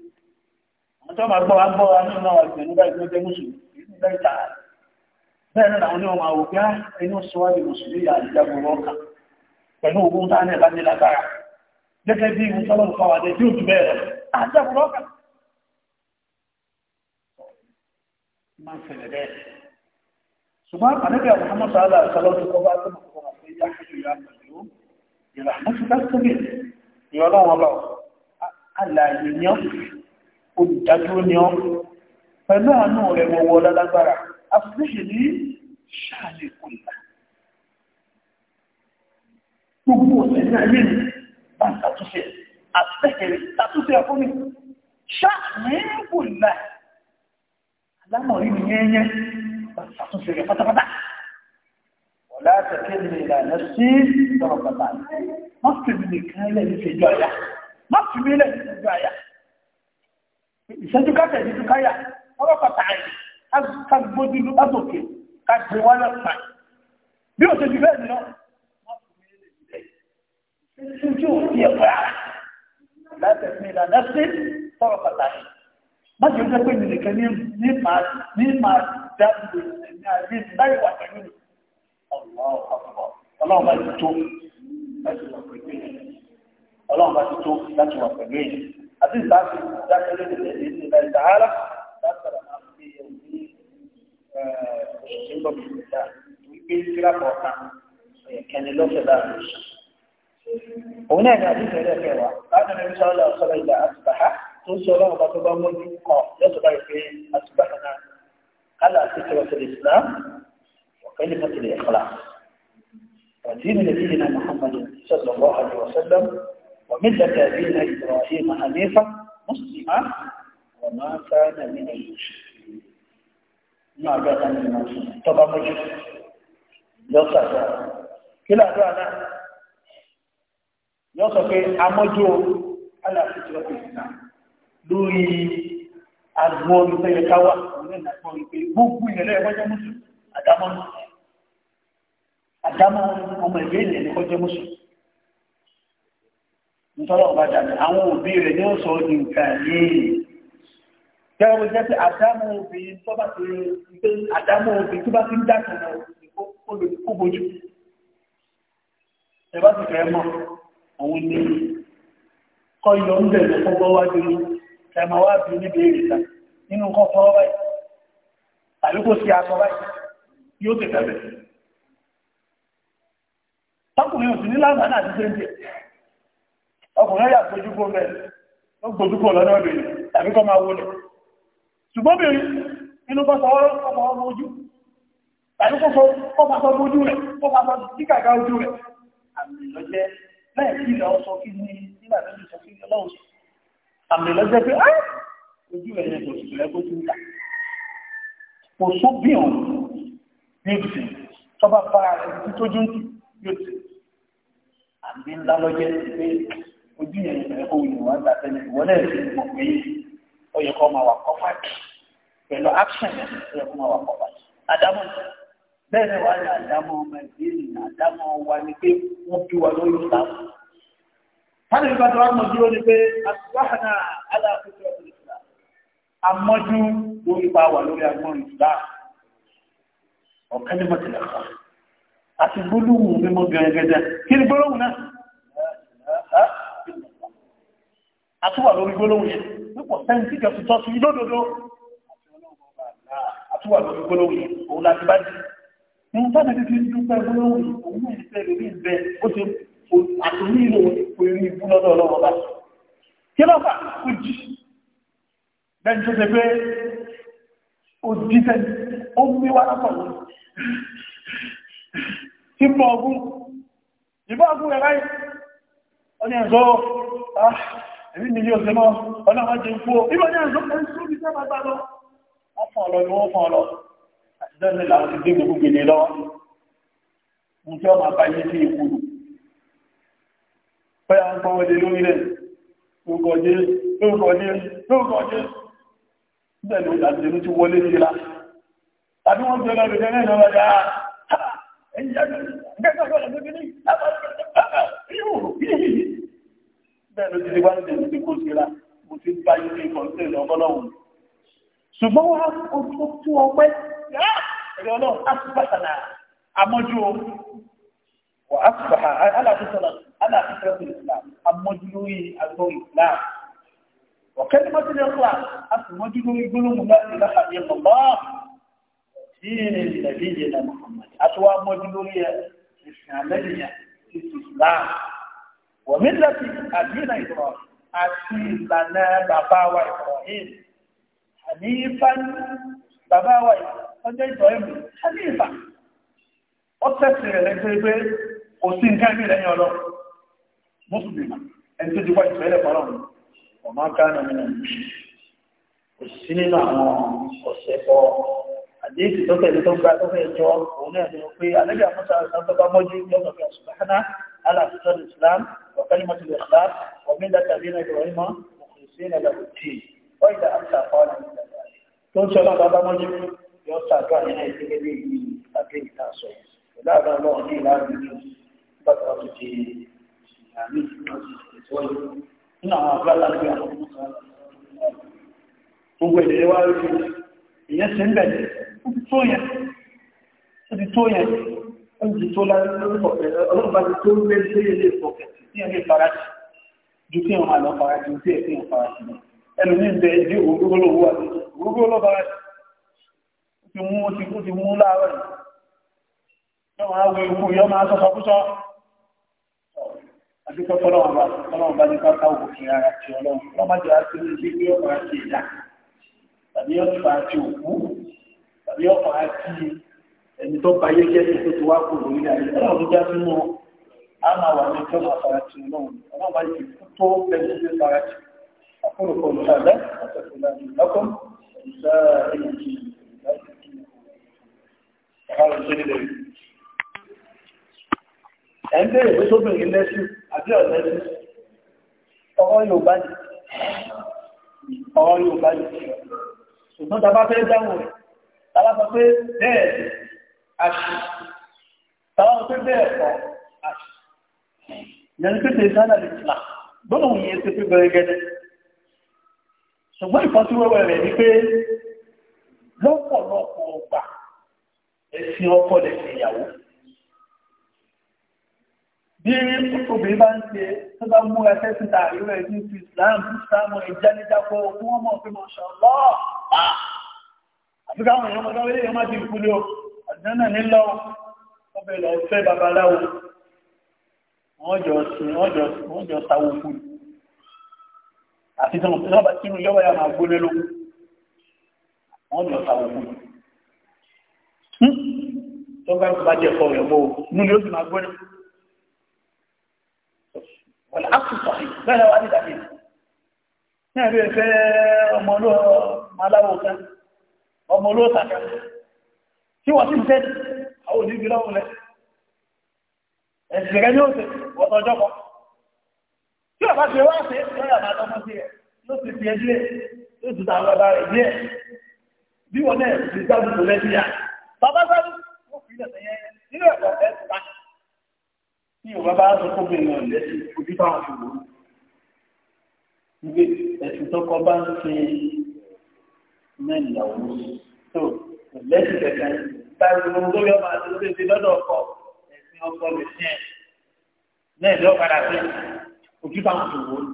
ọjọ́ máa gbọ́ wa gbọ́ wa nínú àwọn ìgbẹ̀ nígbà ìgbẹ́ jẹ́ mùsùlùmí nígbà ìta bẹ́ẹ̀ náà àwọn oníwọ̀n máa wò pé ẹni ó sọ́wọ́ di mùsùlùmí yà ìjágbó rọ́ọ̀kà pẹ̀lú ogun tá ní ìbáni lágbára gẹ́gẹ́ bí ìwọ̀n tọ́lọ́ nǹkan wà dé tí ó ju bẹ́ẹ̀ lọ àjágbó rọ́ọ̀kà máa ń ṣẹlẹ̀ bẹ́ẹ̀ ṣùgbọ́n àníbi àwọn ọmọ sàálà ìṣàlọ́ tó kọ́ bá tó mọ̀ kọ́ wà pé yá kí ìyá pẹ̀lú ìlànà ti dá sílẹ̀ ìyọ́lọ́wọ́n lọ alàyè yẹn olùdádúró ni ọ́ pẹ̀lú àánú rẹ̀ wọ̀wọ̀ lálágbára afúnṣe ní ṣáàlẹ̀ kòlá gbogbo ọ̀sẹ̀ ní ayé ní bá ń tàtúnṣe àtẹ́kẹ̀rẹ̀ tàtúnṣe ọkùnrin ṣáàlẹ̀ kòlá alámọ̀rí ni yẹ́yẹ́ bá ń tàtúnṣe rẹ̀ pátápátá ọ̀lá àtẹ̀kẹ́lẹ̀ ìlànà sí ìtọ̀rọ̀ bàbá má fi mi nìkan lẹ́yìn ìṣèjọ́ àyà má fi mi lẹ́yìn ìṣèjọ́ àyà ìṣẹ́jú ká tẹ̀síjú káyà ọwọ́ pàtàkì agbójúlú azòkè ká gbé wọn lọ pa bí o ṣe ju bẹ́ẹ̀ lọ wọ́n fún mi lè lè ṣe tí o ti ẹ̀kọ́ ara láti ẹ̀sìn ìlànà sí jẹ́ pé nìkan ní máa ní máa dábò ẹ̀mí àbí wà pẹ̀lú ọlọ́run bá ti tó láti wà pẹ̀lú èyí عزيز تعرف داخل باذن الله تعالى داخل في يومين آه، باذن الله ويبين كلا بوكا كان له كذا هناك حديث هذا كذا قال النبي صلى الله عليه وسلم اذا اصبح توصل له بطبع مولد يصبح في اصبحنا على فكره الاسلام وكلمه الاخلاص ودين نبينا محمد صلى الله عليه وسلم وملة أبينا إبراهيم حنيفا مسلما وما كان من المشركين ما كان من المشركين طبعا مجرد يصدر كلا دعنا يصدر أمجو على فترة الإسلام لوي agbóorí pé ẹ̀ka wà lórí ìlàgbóorí pé gbogbo ìrẹ̀lẹ̀ ẹ̀kọ́jẹ́ mùsùlùmí àdámọ́ ọmọ ẹ̀gbẹ́ ìrẹ̀lẹ̀ ẹ̀kọ́jẹ́ nítorí ọba dàbí àwọn òbí rẹ̀ ní nǹkan yìí jẹ́ àdámọ́ tó bá ti pé àdámọ́ tó bá ti ń kó ẹ bá ti fẹ́ mọ̀ àwọn ní kọ́ yọ ń bẹ̀rẹ̀ fún bọ́ wájú ní kẹmà wá bí níbi èrìta nínú kan fọwọ́ báyìí tàbí kò sí aṣọ báyìí yóò bẹ̀rẹ̀ òsì ọkùnrin yà gbójúgbò mẹ́ ó gbójúgbò lọ́nà obìnrin tàbí kọ́ máa wọlé ṣùgbọ́n obìnrin inú bọ́ sọ́wọ́ ọmọ ojú tàbí kó fọ́ ọmọ ojú rẹ̀ kó máa kí lọ ojú rẹ̀ àmì lọ́jẹ́ pé ah! ojú yẹn ní ẹ̀kọ́ òyìnbó wọn gbà tẹ́lẹ̀ ìwọ náà ti mọ̀ pé ó yẹ kó máa wà kọ́fàkì pẹ̀lú action yẹn ó yẹ kó máa wà kọ́fàkì. àdámọ̀ bẹ́ẹ̀ ni wàá ní àdámọ̀ ọmọ ìbéèrè ní àdámọ̀ wa ni pé wọ́n bí wa lórí ìsàmù. káàdì nípa tí wọ́n mọ̀ dúró ni pé àtúwáhánà aláàfíìsì ọ̀sẹ̀ ìsìlá amọ́jú lórí pa wà lórí agbọ́n ìsìlá ọ̀kẹ́ ní mọ̀tìlẹ̀ kan àti gbólóhùn mímọ́ gẹ́gẹ́dẹ́ kí ni gbólóhùn náà àtúwà lórí gbólóhùn yẹn nípò sẹ́yìn tí ìjọsìn tọ́ sí lódodo àtúwà lórí gbólóhùn yẹn òun láti bá jù ní sábà títí dúpẹ́ gbólóhùn yìí òun náà ìfẹ́ lórí ìbẹ́ ó ti àtúní ìlò orí ibú lọ́dọ̀ ọlọ́wọ́ bá kí ló fà ó jì lẹ́yìn tó ṣe pé ó jí sẹ́yìn ó gbé wá lọ́pọ̀ lórí tí mọ̀ ọgún ìbọ̀ ọgún rẹ̀ láì ọ ní ẹ̀zọ́ ah, èmi ni yóò ṣe mọ́ ọlọ́wọ́ jẹ fún ọ ìbọn ní àjọ́kẹ́ ń sún ìjẹ́ bàbá lọ wọ́n fún ọlọ́ ni wọ́n fún ọlọ́ àti dẹ́rẹ́ làwọn ti dé gbogbo gbèlè lọ mú kí ọmọ abá yé sí ikú lù pé à ń kọ́ wọlé lórí rẹ̀ lóògọ́dé lóògọ́dé lóògọ́dé níbẹ̀ ló dàbí ẹni tí wọlé síra tàbí wọ́n gbé lọ́dọ̀ jẹ́ náà lọ́dọ̀ ẹ̀yìn jẹ́ bẹ́ẹ̀ ló ti di wá ní èyí tí kò sí ra mo ti bá yí ní ìkọ̀ǹtẹ̀ lọ́gọ́lọ́hùn ṣùgbọ́n wá ojú tún ọpẹ́ ẹ̀rọ náà á ti bàtà náà amọ́jú o wà á ti bàtà aláàfíṣẹ́ aláàfíṣẹ́ ìsìlám amọ́jú lórí agbó ìsìlám ọ̀kẹ́ ní mọ́tí ní ọkọ̀ á sì mọ́jú lórí gbólóhùn láti láti lọ́mọ́ yìí ní ìlẹ̀bí yìí ní Muhammad àti wá mọ́jú lórí ẹ̀ ìsìn àmẹ́lìyàn ti ìsìlám wọ̀mílẹ̀tì àdínà ìbọ̀rọ̀ àti ìlànà bàbá wa Ibrahim àníyífà bàbá wa ọjọ́ Ibrahim àníyífà ó tẹ̀sí rẹ̀ pé kò sí nǹkan mi lẹ́yìn ọlọ́ mùsùlùmí ẹni tó ti wá ìfẹ́lẹ̀ fọ́lọ́ ọmọ kánà nínú kò sí nínú àwọn ọ̀sẹ̀ bọ́ àdéhùn tó tẹ̀lé tó gba tó fẹ́ jọ òun náà ni pé alẹ́bí àmọ́sà àti àtọ́gbámọ́jú yọ̀ọ̀kọ̀ fẹ́ àṣùbáhánà aláàfíṣọ́ Islam وكلمة الإخلاص وملة أبينا إبراهيم مخلصين له الدين وإذا أمسى قال من ذلك تون شاء الله بابا مجمع يوسع دعا هنا يتجدي أبين تاسو لا أبا الله دي لا أبين بطرة الدين يعني إنه أبلا لك يا محمد Gbogbo èdè wá rí ìyẹn ṣe ń bẹ̀rẹ̀, ó ti tó yẹn, ó ti tó yẹn oúnjẹ tó láyé lórúkọ̀ọ́fẹ́ ọlọ́pàá ti tó lé sí ilé ìfọ̀kẹ̀ tí ẹ̀ lè farajì ju kí ọmọ àlọ́ farajì tí ẹ̀ fi hàn farajì lọ ẹnu ní ìbẹ̀ ìdí òwúrọ̀ lówó àti òwúrọ̀ lọ́ farajì ó ti mú ó ti kú ti mú láàárọ̀ yìí yọ máa wọ ikú yọ máa sọ sọkúsọ àti pé fọlọ́wọ́n bá fọlọ́wọ́n bá ní ká ẹni tó bá yé jẹ́ tó ti wá kó lórí ayé ọlọ́run tó já sínú àmà wà ní ìjọba àfarati ọlọ́run ọlọ́run bá yìí kú tó bẹ́ẹ̀ sí farati akólòkò olùsàlẹ̀ àtẹ̀kùnlẹ̀ lọ́kọ́ ìgbà èyí láti kí ọ̀rọ̀ ìṣẹ́lẹ̀ rẹ̀. ẹ̀ ń bẹ̀rẹ̀ pé sóbìnrin lẹ́sìn àbí ọ̀lẹ́sìn ọwọ́ yóò bá yìí ọwọ́ yóò bá yìí ṣùgbọ́n tá a bá fẹ́ dáhùn rẹ̀ tá a bá fẹ́ bẹ́ẹ̀ àṣì tàwọn tó bẹ̀rẹ̀ kọ́ àṣì yẹn tó tẹ̀ sánà lè tìlà gbọ́nà òun yẹn tó fi bẹ̀rẹ̀ gẹ́gẹ́ ṣùgbọ́n ìkan tí wẹ́wẹ́ rẹ̀ ni pé lọ́pọ̀lọpọ̀ ọgbà ẹ̀sìn ọkọ lè ṣe ìyàwó bí obìnrin bá ń ṣe tó bá múra tẹ́sí tààrí rẹ̀ ní ti Islam Islam ìjánijápọ̀ fún ọmọ òfin mọ̀ṣọ́ lọ́ọ̀ ah! àbíkáwọn èèyàn mọ́tọ́ ilé yẹn má ti kú lé o àdánà nílọ ọbẹ̀ lọ fẹ́ babaláwo wọ́n jọ sí wọ́n jọ sáwó fún àti tí wọ́n bá tínú yọ́wọ́ ya máa gbóná ló wọ́n jọ sáwó fún hmm? tó bá bá jẹ́ fọ́ rẹ̀ mọ́ inú ni ó sì máa gbóná wọ́n láti sọ̀rọ̀ bẹ́ẹ̀ tí wọ́n sì ń tẹ́lẹ̀ àwọn òdíjì lọ́wọ́ rẹ̀ ẹ̀sìn rẹ̀ ní òsè wọ́n ọjọ́ kan tí ọba ti wá sí lọ́yà máa tọ́mọ́ sí ẹ̀ ló ti fi ẹdílé ló ti ta lọ́ba rẹ̀ díẹ̀ bí wọ́n náà ti sáàbù tó lẹ́sí yá bàbá sáàbù ó fi ilẹ̀ sẹ́yẹ nínú ẹ̀kọ́ ẹ̀ ti ta tí ìwọ bá sọ fún mi náà lẹ́sí ojú táwọn ti wò ó ìgbé ẹ̀sìn tó kọ bá ń ṣe mẹ́rin ìyàwó tó lẹ́sìn kẹ̀kẹ́ báyìí ló ń gbé ọmọ àti lórí ti lọ́dọ̀ ọkọ ẹ̀sìn ọkọ lè fi ẹ̀ náà ìlú ọ̀kadà pé ojú táwọn tó wò ó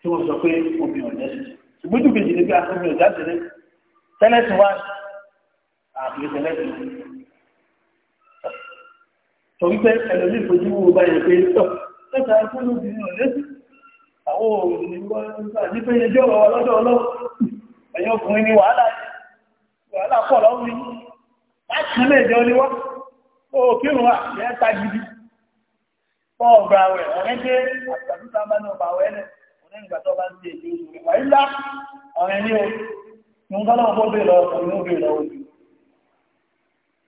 tí wọ́n sọ pé omi ò lẹ́sìn ṣùgbọ́n tó kejì ní pé omi ò jáde ní tẹ́lẹ̀sì wá àbí tẹ́lẹ̀sì torí pé ẹlòmí ìfojú wo báyìí pé tọ́ lọ́sà ẹ̀kọ́ ló di ní ọ̀lẹ́sìn àwọn òòrùn ní wọ́n nípa nípa ẹjọ́ ọlọ́dọ̀ ọlọ́wọ́ ẹ̀yọ́ ọkùnrin ní wàhálà wàhálà pọ̀ lọ́wọ́ láti ilé ìjọ oníwọ́ òkèrùn wà ní ẹta gidi pọ̀ gbà wẹ̀ àtàkùtà bá ní ọba wẹ́lẹ̀ ọ̀rẹ́ tó bá ti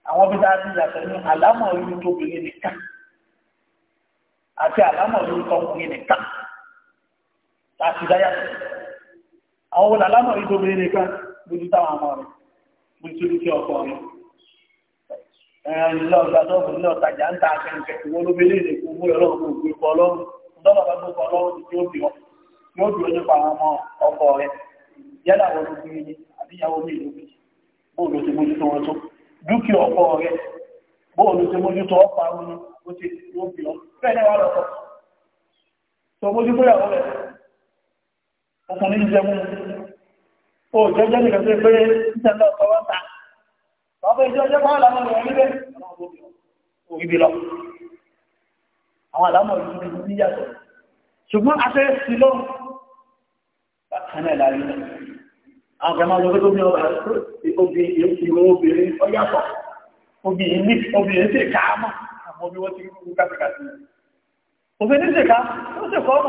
yàtọ̀ àti àlámọ̀ orí nìkan láti dáyàtọ̀ àwọn wọlé àlámọ̀ orí nìkan lójú táwọn rẹ̀ nítorí kí ọkọ rẹ ẹ̀yìn lọ́gbà tó fún ní ọ̀tajà ń ta akẹ́kẹ́ ìwọ́n ló fẹ́lẹ́ lè fún múlẹ̀ lọ́wọ́ gbogbo ikọ̀ ọlọ́run tọ́lọ̀ bá gbogbo ọlọ́run tí ó bìọ́ yóò dúró nípa àwọn ọmọ ọkọ rẹ yálà wọn ló gbé ní àbíyàwó mi ló gbé bóò ló ti mójútó wọn tó dúkìá ọkọ rẹ bóò ló ti mójútó ọkọ àwọn ni o ti ó bìọ́ bẹ́ẹ̀ ni wà lọ́kọ̀ tó mójútó ìyàwó rẹ ọkùnrin jẹ mú òjọ́jọ́ nìkan tó pé ìtẹ́lẹ̀ ọ̀tọ́ wọ́n ta ọ̀pẹ́ ìjọ́jọ́ bá làwọn ọ̀rọ̀ níbẹ̀ òbí lọ àwọn àlámọ̀ ìlú ní yàtọ̀ ṣùgbọ́n afẹ́ sí lọ bákan náà láàrin àwọn kan máa lọ tó bí ọba ìwọ̀n obìnrin ọyàtọ̀ obìnrin ní obìnrin sì ká mọ́ àwọn obìnrin wọ́n ti rú kásìkásì obìnrin sì ká ó mọ́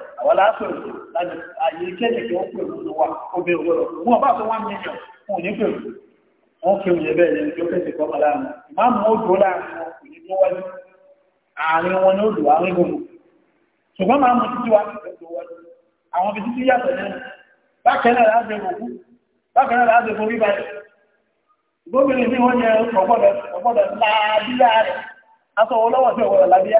àwọn lásòrò láti àyè kẹ́lẹ̀kẹ́ ó pèrò ló wà obè òwúrọ̀ wọn bá tó wọ́n mílíọ̀n fún òní pèrò wọn kí oúnjẹ bẹ́ẹ̀ lẹ́nu tó fẹ́sẹ̀ kọ́ láàrin ìmáàmù ó dúró láàrin wọn kò ní tó wájú àárín wọn ni ó dùn àárín gbogbo ṣùgbọ́n máa mú títí wá tó wájú àwọn ibi títí yàtọ̀ lẹ́nu bákan náà láti òkú bákan náà láti forí balẹ̀ gómìnà ní wọ́n yẹ ọgbọ́dọ̀ láàbíyá rẹ̀ aṣọ olówó sí ọgbọ́dọ̀ láàbíyá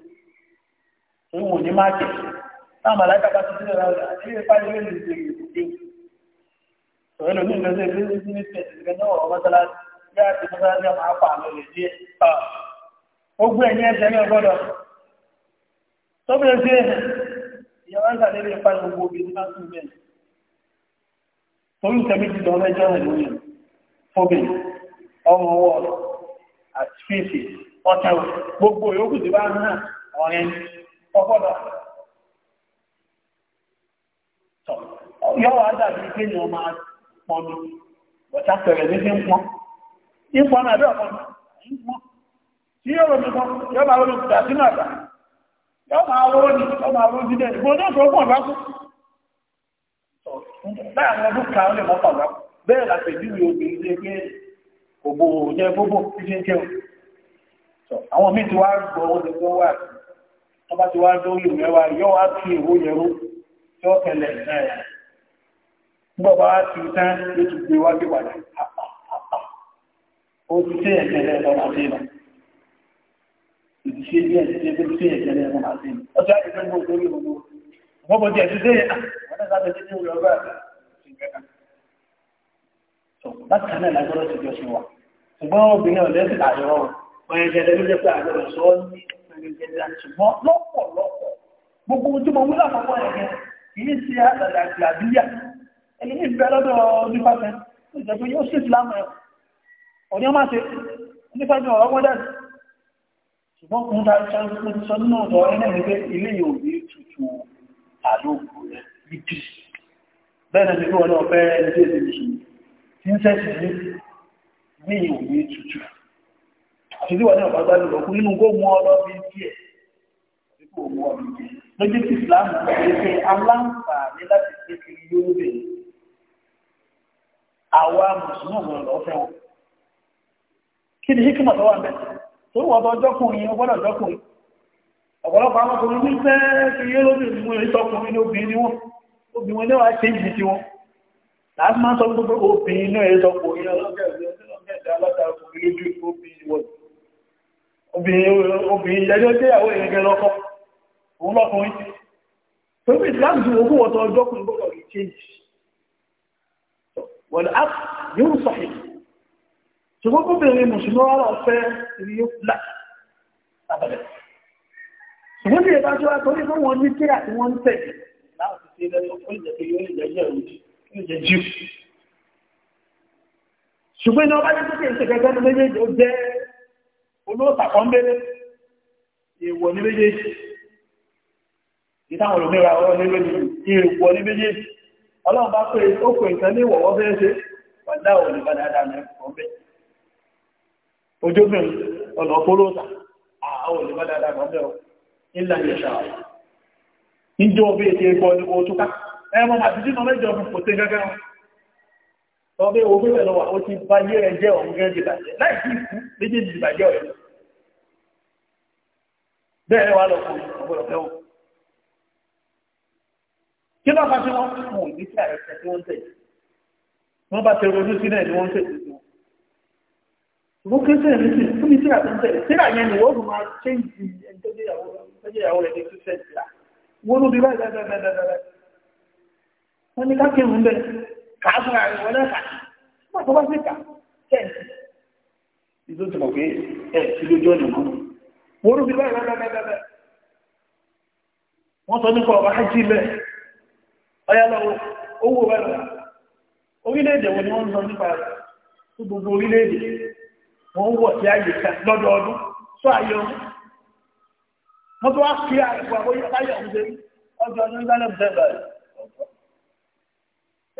òun ní má jẹ náà màláìka bá ti sílẹ̀ láwọn ilé ipá ilé ìlú ìlú ìlú ìlú sọ̀rọ̀ lómi ìlú ìlú ìlú ìlú ìlú ìlú náà ọ̀rọ̀ mọ́sálásí yá àti mọ́sálásí àmọ́ apá àmì ilé díẹ̀ ogun ẹ̀yìn ẹ̀sẹ̀ ní ọgbọ́dọ̀ tó bẹ̀rẹ̀ sí ìyàwó ń sàlẹ̀ ilé ipá gbogbo obìnrin náà tún bẹ̀rẹ̀ torí ìtẹ̀mí ti lọ mẹ́jọ́ rẹ̀ lóyè fóbìn ọmọ ọwọ́ àti fífi ọ̀tẹ̀wò gbogbo yòókù ti bá ń hàn ọ̀rẹ́ ọgbọ́dọ̀ tọ̀ yọ́wọ́ dàbí pé ní ma pọnmi bọ̀tá pẹ̀rẹ̀ ní fi ń pọn ní pọn àbẹ́ tí yóò romi yọ́ máa romi kùtà sínú àgbà yọ́ máa rọ́ ní ọmọ àwọn òbílẹ̀ ìgbọ́n tó sọ pọ̀ lọ́kù láàrin ọdún kan lè mọ́ bẹ́ẹ̀ tó bá ti wá lórí mẹ́wàá yóò wá fi ìwó yẹrú yóò tẹ̀lẹ̀ náà gbọ́gbà wá ti tán ló ti gbé wá gbéwà ní àpá àpá ó ti ṣe ẹ̀tẹ̀lẹ̀ lọ́nà sí lọ ìdíṣẹ́ bí ẹ̀tẹ̀lẹ̀ tó ṣe ẹ̀tẹ̀lẹ̀ lọ́nà sí lọ ọjọ́ ìfẹ́ gbogbo lórí gbogbo gbogbo jẹ́ ti ṣe Bákan náà lágbọ́dọ̀ ti jọ sí wa ìgbésẹ̀ dá ṣùgbọ́n lọ́pọ̀lọpọ̀ gbogbo ohun tí mo wí lákọ̀ọ́kọ́ yẹn yẹn kì í ṣe àgbàdo àti àbíyà ẹni ní ìbẹ̀ lọ́dọ̀ nípasẹ̀ ó jẹ́ pé yóò ṣe ìsìlámù ẹ̀ ọ̀ní ọmọ ṣe nípa ìjọ ọ̀rọ̀ wọ́n dẹ̀rẹ̀ ṣùgbọ́n kún ta ṣe ń sọ nínú ọ̀dọ̀ ẹni ní pé ilé yóò bí tutù àlóògbò rẹ̀ gidi bẹ́ẹ̀ ni pé ọ̀dọ̀ àṣírí wà ní ọ̀gbàgbà lọ fún nínú gómù ọlọ́bí díẹ̀ lójú tí ìsìláàmù ṣe ṣe aláǹfààní láti ṣe ti yóò bè àwa mùsùlùmí lọ fẹ́ wọn kí ni hikima tó wà bẹ́ẹ̀ tó wọ́n tó jọ́kùnrin ọgbọ́dọ̀ jọ́kùnrin ọ̀pọ̀lọpọ̀ àwọn ọkùnrin ní fẹ́ ti yé lóbi ìlú ìtọkùnrin ní obìnrin ni wọ́n obìnrin wọn níwàá ṣe ìjì tí wọ́n láti máa sọ gbogbo obìnrin náà ètò ọkùnrin ọlọ́gẹ̀ẹ́gbẹ̀ẹ́ ọlọ́gẹ̀ẹ́gbẹ̀ẹ́ ọlọ́gẹ̀ẹ́gbẹ̀ẹ́ obìnrin ẹjọ́ tí ìyàwó ìrìnkẹ́ lọ́kọ́ òun lọ́kùnrin tó bí islam ju ogún ọ̀tọ̀ ọjọ́ kùn gbọ́dọ̀ rí change wọ̀n á yóò sọ̀hì ṣùgbọ́n obìnrin mùsùlùmí wà lọ́ọ́ fẹ́ ìrìn yóò fúlà abẹ́rẹ́ ṣùgbọ́n bí ìbájú wa torí fún wọn ní tí àti wọn ń tẹ̀ láti ṣe lẹ́nu ó lè jẹ́ pé yóò lè jẹ́ jẹ́ òjì ó lè jẹ́ jíù ṣùgbọ́n iná ọba jẹ́ tó kí n ṣe gẹ́gẹ́ ní méjèèjì ó jẹ́ olóòtàkọ́ńbélé èèwọ̀ ní méjèèjì ìtàwọn olómìnira ọ̀rọ̀ ní méjèèjì èèwọ̀ ní méjèèjì ọlọ́run bá pé ó pè nǹkan ní ìwọ̀wọ́ fẹ́ ṣe wàdá òní ní ọ̀bẹ ojógbìn ọmọ ewu gbígbẹ̀ lọ́wọ́ ó ti bá yé ẹjẹ́ ọ̀hún gẹ́gẹ́ ti bàjẹ́ láì sí ikú méjèèjì ìbàjẹ́ ọ̀rẹ́ bẹ́ẹ̀ wà lọ́kùnrin ọgbọ́dọ̀ fẹ́wọ̀n kí lọ́pàá tí wọ́n fún òun ní sí àìsàn tí wọ́n tẹ̀lé wọ́n bá ti ronú sílẹ̀ ni wọ́n tẹ̀lé sí wọn ṣùgbọ́n kí sẹ́yìn ní sí fún ní sí àtúntò tẹ̀lé sílẹ̀ yẹn ni wọ́n fún máa ṣe ìyẹn tó jẹ́ ìyàwó rẹ̀ ní sísẹ̀ ìlà wọ́n ló bí báyìí báyìí báyìí báyìí wọ́n ní ká kírun bẹ́ẹ̀ kà á fún ààrẹ wọn wasi kà á tó bá sì kà tẹ̀. ìjọ ti mọ̀ pé ẹ ti lójú ọ̀nà mọ́ mo rú bí báyìí lọ́lọ́ lẹ́lẹ́lẹ́ wọ́n sọ nípa ọ̀rọ̀ ajé bẹ́ẹ̀ ọ̀yá lọ́wọ́ owó bẹ́ẹ̀ lọ́wọ́ orílẹ̀-èdè wo ni wọ́n sọ nípa tó gbogbo orílẹ̀-èdè wọ́n wọ̀ sí àyè kan lọ́dọọdún sọ àyè wọ́n tó wá kí àrẹ̀kọ́ àbóyọ́ ọjọ́ ọdún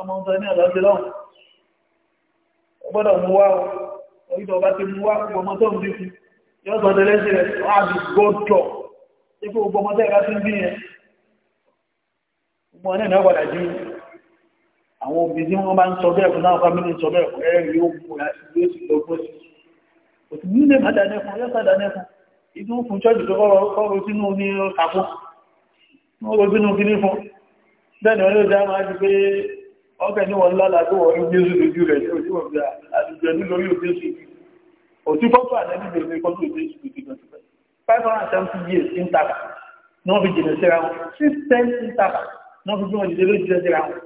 ọmọ ọ̀tọ̀ ní ọ̀lọ́dẹ lọ́wọ́ ọgbọ́dọ̀ mú wá o orílẹ̀ ọba ti mú wá ọmọ tó ń bí fún yọ́ sọ tẹ́lẹ̀ sí rẹ̀ wọ́n á bí gbọ́dọ̀ tí kò gbọmọ tẹ́ ìbá ti ń bí yẹn gbọmọ náà náà padà jí àwọn òbí tí wọ́n bá ń sọ bẹ́ẹ̀ fún náà fámílì sọ bẹ́ẹ̀ fún ẹ̀rì yóò mú ra sí yóò sì lọ́gbọ́n sí òtù nílẹ̀ má dáná fún yọ́ sá dáná fún inú fún chọ́ọ̀jì tó kọ́rọ̀ sínú ní kàfún wọ́n lọ sínú kíní fún bẹ́ẹ̀ ni ọkẹ̀ ní wọn lálàá tó wọ́n rí jésù lójú rẹ̀ tí ó ti wọ́n fi àdìjẹ ní lórí òjésù òtí fọ́tò àdẹ́bí bèrè fọ́tò òjésù tó ti gbọ́n five hundred and seventy years ń tàbà ní wọ́n fi jìnà síra wọn six ten ń tàbà ní wọ́n fi jìnà jìnà lójú rẹ̀ síra wọn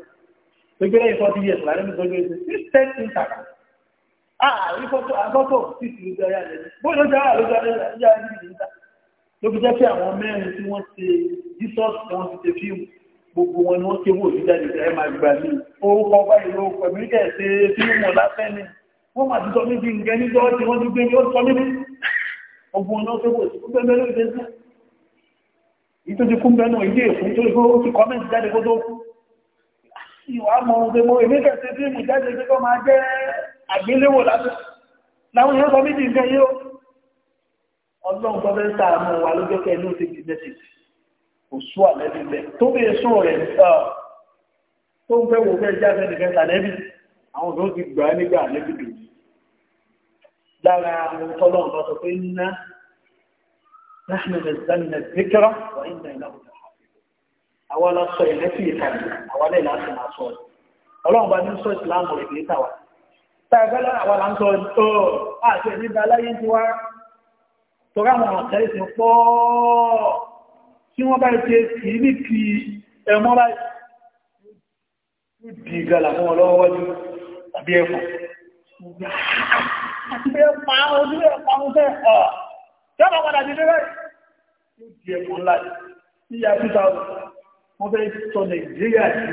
gbogbo lẹ́yìn forty years láàrin mi gbogbo ẹsẹ̀ six ten ń tàbà ààrí fọ́tò àfọ́tò sì ti lójú ayé àdẹ́bí bóyá lójú ayé lójú ayé àdẹ́bí ló fi jẹ́ pé àwọn mẹ́rin tí wọ́n ti Jesus tí gbogbo wọn ni wọ́n ké wò sí jáde ẹ máa gbà ní orúkọ báyìí ló pẹ̀lú kẹ̀sẹ̀ fíìmù lásán ni wọ́n máa ti sọ níbi nǹkan níjọ́ tí wọ́n ti gbé ní ó sọ níbi ọgbọ̀n náà ké wò sí gbogbo ẹgbẹ́ ló dé sí. èyí tó ti kún bẹ́ẹ̀ náà ilé èkó tó ló ti kọ́mẹ́ǹtì jáde kó tó kú. ìwà mọ ohun pé mo èmi kẹ̀sẹ̀ fíìmù jáde pé kọ́ máa jẹ́ àgbéléwò lásán láwọn èèyàn sọ níbi nǹkan yìí ó ọlọ́run tó fẹ́ sáà mọ̀ wà lójọ́ kẹ́ẹ̀ ti di mẹ́sẹ̀jì kò sú àlẹ́bí bẹ̀ tó bí èso rẹ̀ tó ń fẹ́ wo fẹ́ jáde nìkan tàlẹ́bí àwọn tó ti gbà á nígbà àlẹ́bí dùn lára àwọn tọ́lọ́ ọ̀nà sọ pé ńná láàrín ẹ̀sánilẹ̀ dékẹ́rọ wà ní ìlànà àwọn aláṣọ ìlẹ́sì ìtàgé àwọn alẹ́ ìlànà máa sọ ọ́ ọlọ́run bá ní sọ ìsìláàmù rẹ̀ kìí tàwa tàbẹ́lá àwọn aláṣọ tó àti ẹ̀mí bá láyé ti wá torí àwọn ọ̀tẹ́ ìsìn pọ́ọ́ tí wọ́n bá ṣe sí ní ti ẹmọ́ báyìí di ìgbàlà fún ọlọ́wọ́ wájú àbí ẹ̀fọ́ àti bẹ́ẹ̀ pa ojú ẹ̀pà ń fẹ́ ọ̀ jọba padà di lẹ́rẹ́ yóò di ẹ̀fọ́ ńlá ní ìyá 2000 wọ́n fẹ́ sọ nàìjíríà di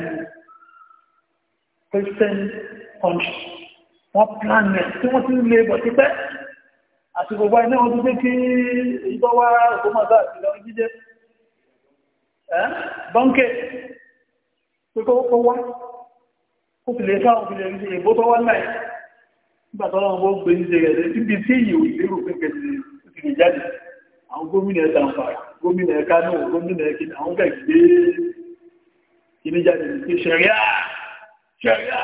christian country wọ́n plan rẹ̀ tí wọ́n ti ń lé bọ̀ tipẹ́ àti gbogbo ẹni wọ́n ti gbé kí ìgbọ́wá ìgbọ́mọ̀sá àti ìlọrin jíjẹ́ banque bọ́ńkẹ̀ pípọ́ ó wá ó fi lè sá òfin lè rí èbó tó wá náà nígbà tó lọ́wọ́ ó gbé níṣe rẹ̀ níbi tí èyí ò lérò pé kẹsì ti lè jáde àwọn gómìnà Zamfara gómìnà Kánò gómìnà kìnnì àwọn kẹ̀ gbé kìnnì jáde ní ṣẹ̀ríà ṣẹ̀ríà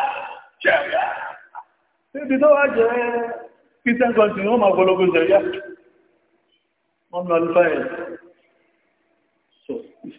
ṣẹ̀ríà níbi tó wá jẹ́ Christian country wọ́n máa gbọ́lọ́gbọ́ ṣẹ̀ríà wọ́n lọ ní fáyẹ̀sì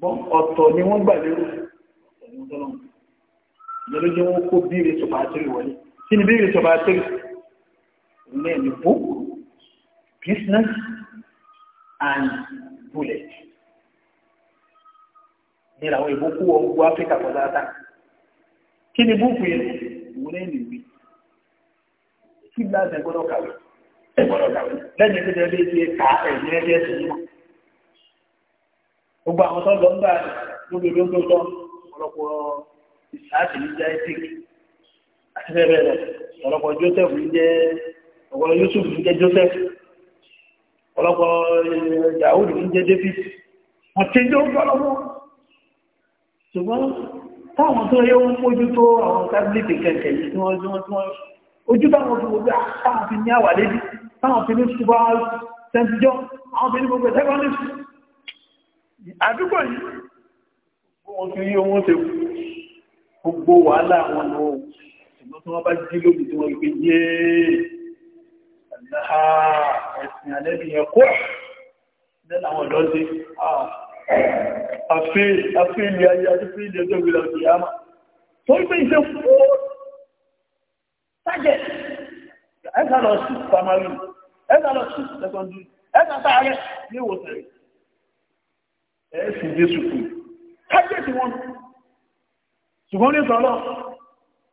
ṣùgbọ́n ọ̀tọ̀ ni wọ́n gbà lérò ẹ̀yìn tọ́lọ́ lórí jẹ́ wọ́n kó bíire sọ̀bà àtẹ́rì wọlé kí ni bíire sọ̀bà àtẹ́rì ní ẹ̀mí book business and bullet ní àwọn ìbò kú wọn gbogbo áfíríkà pọ̀ dáadáa kí ni búùkù yẹn wọ́n ní ẹ̀mí gbé kí ni láti ẹgbọ́dọ̀ kàwé ẹgbọ́dọ̀ kàwé lẹ́yìn tó jẹ́ bí ẹ ti ká ẹ̀yìn ẹgbẹ́ ẹ̀sìn yìí gbogbo àwọn tó lọ ń bá lódodo tó lọ ọ̀pọ̀lọpọ̀ ìsáàtì ní jẹ́ isaac àti bẹ́ẹ̀ lọ ọ̀pọ̀lọpọ̀ joseph ní jẹ́ ọ̀pọ̀lọpọ̀ yusuf ní jẹ́ joseph ọ̀pọ̀lọpọ̀ yahoo eh, ní jẹ́ david wọ́n ti jẹ́ ọ̀pọ̀lọpọ̀ ṣùgbọ́n táwọn tó yẹ wọ́n mójú tó àwọn tábìlìtì kẹ̀kẹ́ yìí tí wọ́n tí wọ́n tí wọ́n ojú táwọn fi gbogbo ah, táwọn fi ní àwàdé táwọn fi ní ṣùgbọ́n sẹ́ńtìjọ́ àwọn fi ní gbogbo ẹ̀sẹ̀kọ́ndì àdúgbò yìí wọ́n ti rí ohun ṣe gbogbo wàhálà wọn lọ ṣùgbọ́n tí wọ́n bá jí lóbi tí wọ́n gbé yé ẹ̀sìn àlẹ́bí yẹn kó lẹ́nà àwọn ọ̀dọ́ sí àfíìlì ayé àti fíìlì ẹjọ́ ìgbìlẹ̀ òkè yàmà tó ń pè iṣẹ́ fún sájẹ̀ ẹ̀sà lọ sí primary ẹ̀sà lọ sí secondary ẹ̀sà sáàrẹ̀ ní ìwòsàn ẹ̀sìn jésù kù kájẹ́sì wọn ṣùgbọ́n ní sọ́lọ́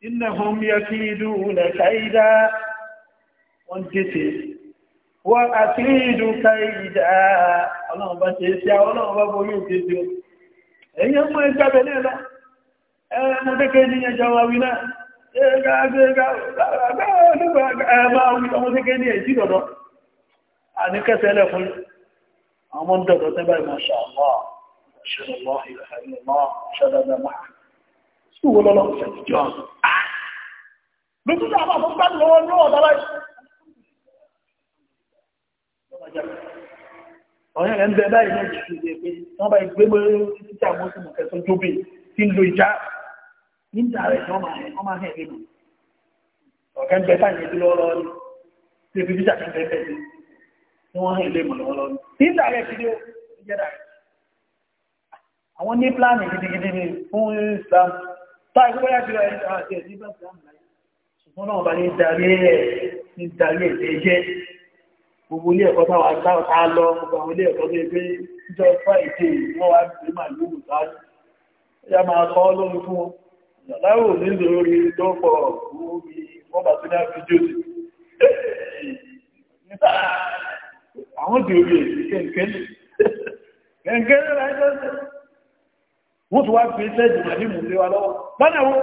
iná hàn yẹ kí ìdú ilẹ̀ káìdá wọ́n jẹ́sẹ̀ wọ́n àti ìdú káìdá ọlọ́run bá ṣe ṣe ọlọ́run borí òjèjì ẹ̀yẹn mú ẹgbẹ́ bẹ̀rẹ̀ lọ ẹ̀rọ kékeré ní ẹjọ́ wa wí أشهد الله إله إلا الله أشهد أن محمد سوى الله سجان lókùtà àbá fún gbádùn lọ́wọ́ ní ọ̀dọ́ láì ọ̀yẹ́ rẹ̀ ń bẹ báyìí náà jù lè pé wọ́n bá ìgbé mọ́ títà mọ́sùn kẹsàn jóbe tí ń lo ìjá nígbà rẹ̀ tí wọ́n máa hẹ̀ nínú ní lọ́wọ́ lọ́wọ́ ní àwọn ní pláàni gidigidi ni fún Islam táà ìgbó yá jùlọ àti ẹ̀sìn bá Islam láyé ṣùgbọ́n náà bá ní darí ẹ̀ ní darí ẹ̀ jẹ́ gbogbo ilé ẹ̀kọ́ táwà táwà lọ gbogbo àwọn ilé ẹ̀kọ́ tó yẹ pé jọ fáìdé wọ́n wá bí màá lóòrùn sáájú ẹ̀yà máa kọ́ lórí fún wọn láwò nílò orí lọ́pọ̀ orí wọ́n bá wọ́n tún wá fi iṣẹ́ ìjìnlẹ̀ ní ìmùlẹ̀ wa lọ́wọ́ lọ́nà wo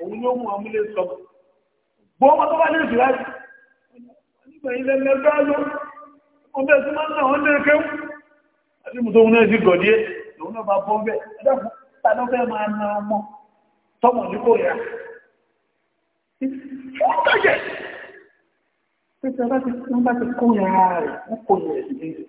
òun ló mú ọmúlé sọ gbọ́ ọmọ tó bá ní ìṣúra jù nígbà ilẹ̀ lẹ́gbẹ́ ló wọ́n bẹ́ẹ̀ sí máa ń náà wọ́n lé kéwù àti mùtò òun náà sí gọ̀díẹ́ lòun náà bá bọ́ bẹ́ẹ̀ ẹ̀dàkùn tàbí fẹ́ máa na ọmọ tọmọ ní kò yá wọ́n tọ̀jẹ̀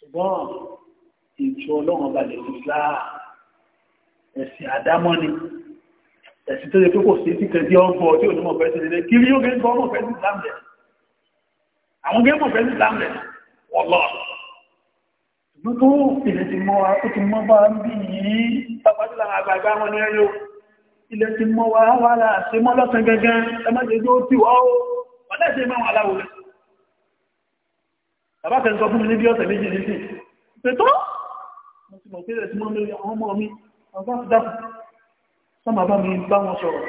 ṣùgbọ́n ètò ọlọ́run ọba lè fi sílá ẹ̀sìn àdámọ́ ni ẹ̀sìn tó yẹ pé kò sí títẹ̀ bí ọgbọ̀ tí ò ní mọ̀ fẹ́ sí lé kiri yóò gé gbọ́ mọ̀ fẹ́ sí lámẹ̀ àwọn gé mọ̀ fẹ́ sí lámẹ̀ wọ́lọ́ ṣùgbọ́n tó ilẹ̀ ti mọ́ wa ó ti mọ́ bá ń bí yìí pápájú láwọn àgbàgbà wọn ní ẹyọ ilẹ̀ ti mọ́ wa wà láà ṣe mọ́ lọ́sàn gẹ́gẹ́ ẹ má jẹ́ tó bàbá kan sọ fún mi ní bí ọ̀sẹ̀ méjì nísìn pé tó mo ti mọ̀ pé ẹ̀sìn mọ́ lórí àwọn ọmọ mi bàbá ti dákù sọ bàbá mi bá wọn sọ̀rọ̀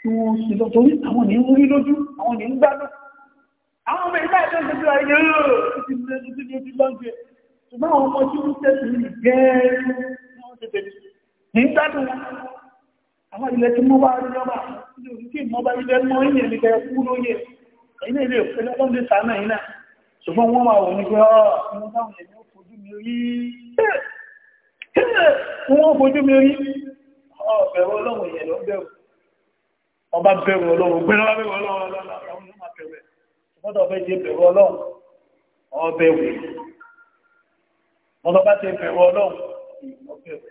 tí wọ́n sì lọ torí àwọn ní ń rí lójú àwọn ní ń gbádùn àwọn ọmọ ìgbà ìjọ ìjọba ayé ti lé títí ní ojú lọ́jọ́ ṣùgbọ́n àwọn ọmọ tí wọ́n tẹ̀sí ní gẹ́ẹ́rù ní wọ́n àwọn ilẹ̀ tí mo bá rí lọ́ba ilé òkú kí mo bá ilẹ̀ mọ́ ìyẹn kẹ́ kú lóye ẹ̀yìn ilé òkú lọ́kọ́ ṣùgbọ́n wọ́n máa wọ̀ ní pé ọ̀rọ̀ fojú mi rí wọ́n fojú mi rí ọ̀bẹ̀rẹ̀ ọlọ́run èèyàn lọ bẹ̀rù ọba bẹ̀rù ọlọ́run gbẹ́rẹ̀ bẹ̀rù ọlọ́run ọlọ́run ló máa bẹ̀rẹ̀ ṣùgbọ́n tó bẹ́ jẹ́ bẹ̀rù ọlọ́run ọbẹ̀rù wọn bá ti bẹ̀rù ọlọ́run ọbẹ̀rù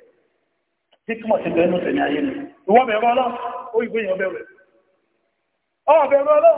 tí kí wọ́n ti bẹ̀rù tẹ̀lé ayé mi ìwọ́n bẹ̀rù ọlọ́run ó ìgbéyàn bẹ̀rù ọbẹ̀rù ọlọ́run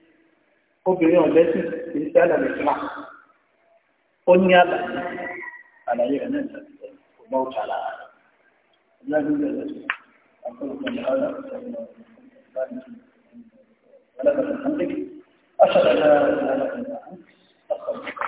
obìnrin ọ̀lẹ́sìn kì í ṣe àlàyé fúnra ó ní àlàyé àlàyé rẹ̀ náà kò bá òkè àlàyé ìyá mi lè lọ sí àkókò ìyára أشهد أن لا إله إلا أنت أستغفرك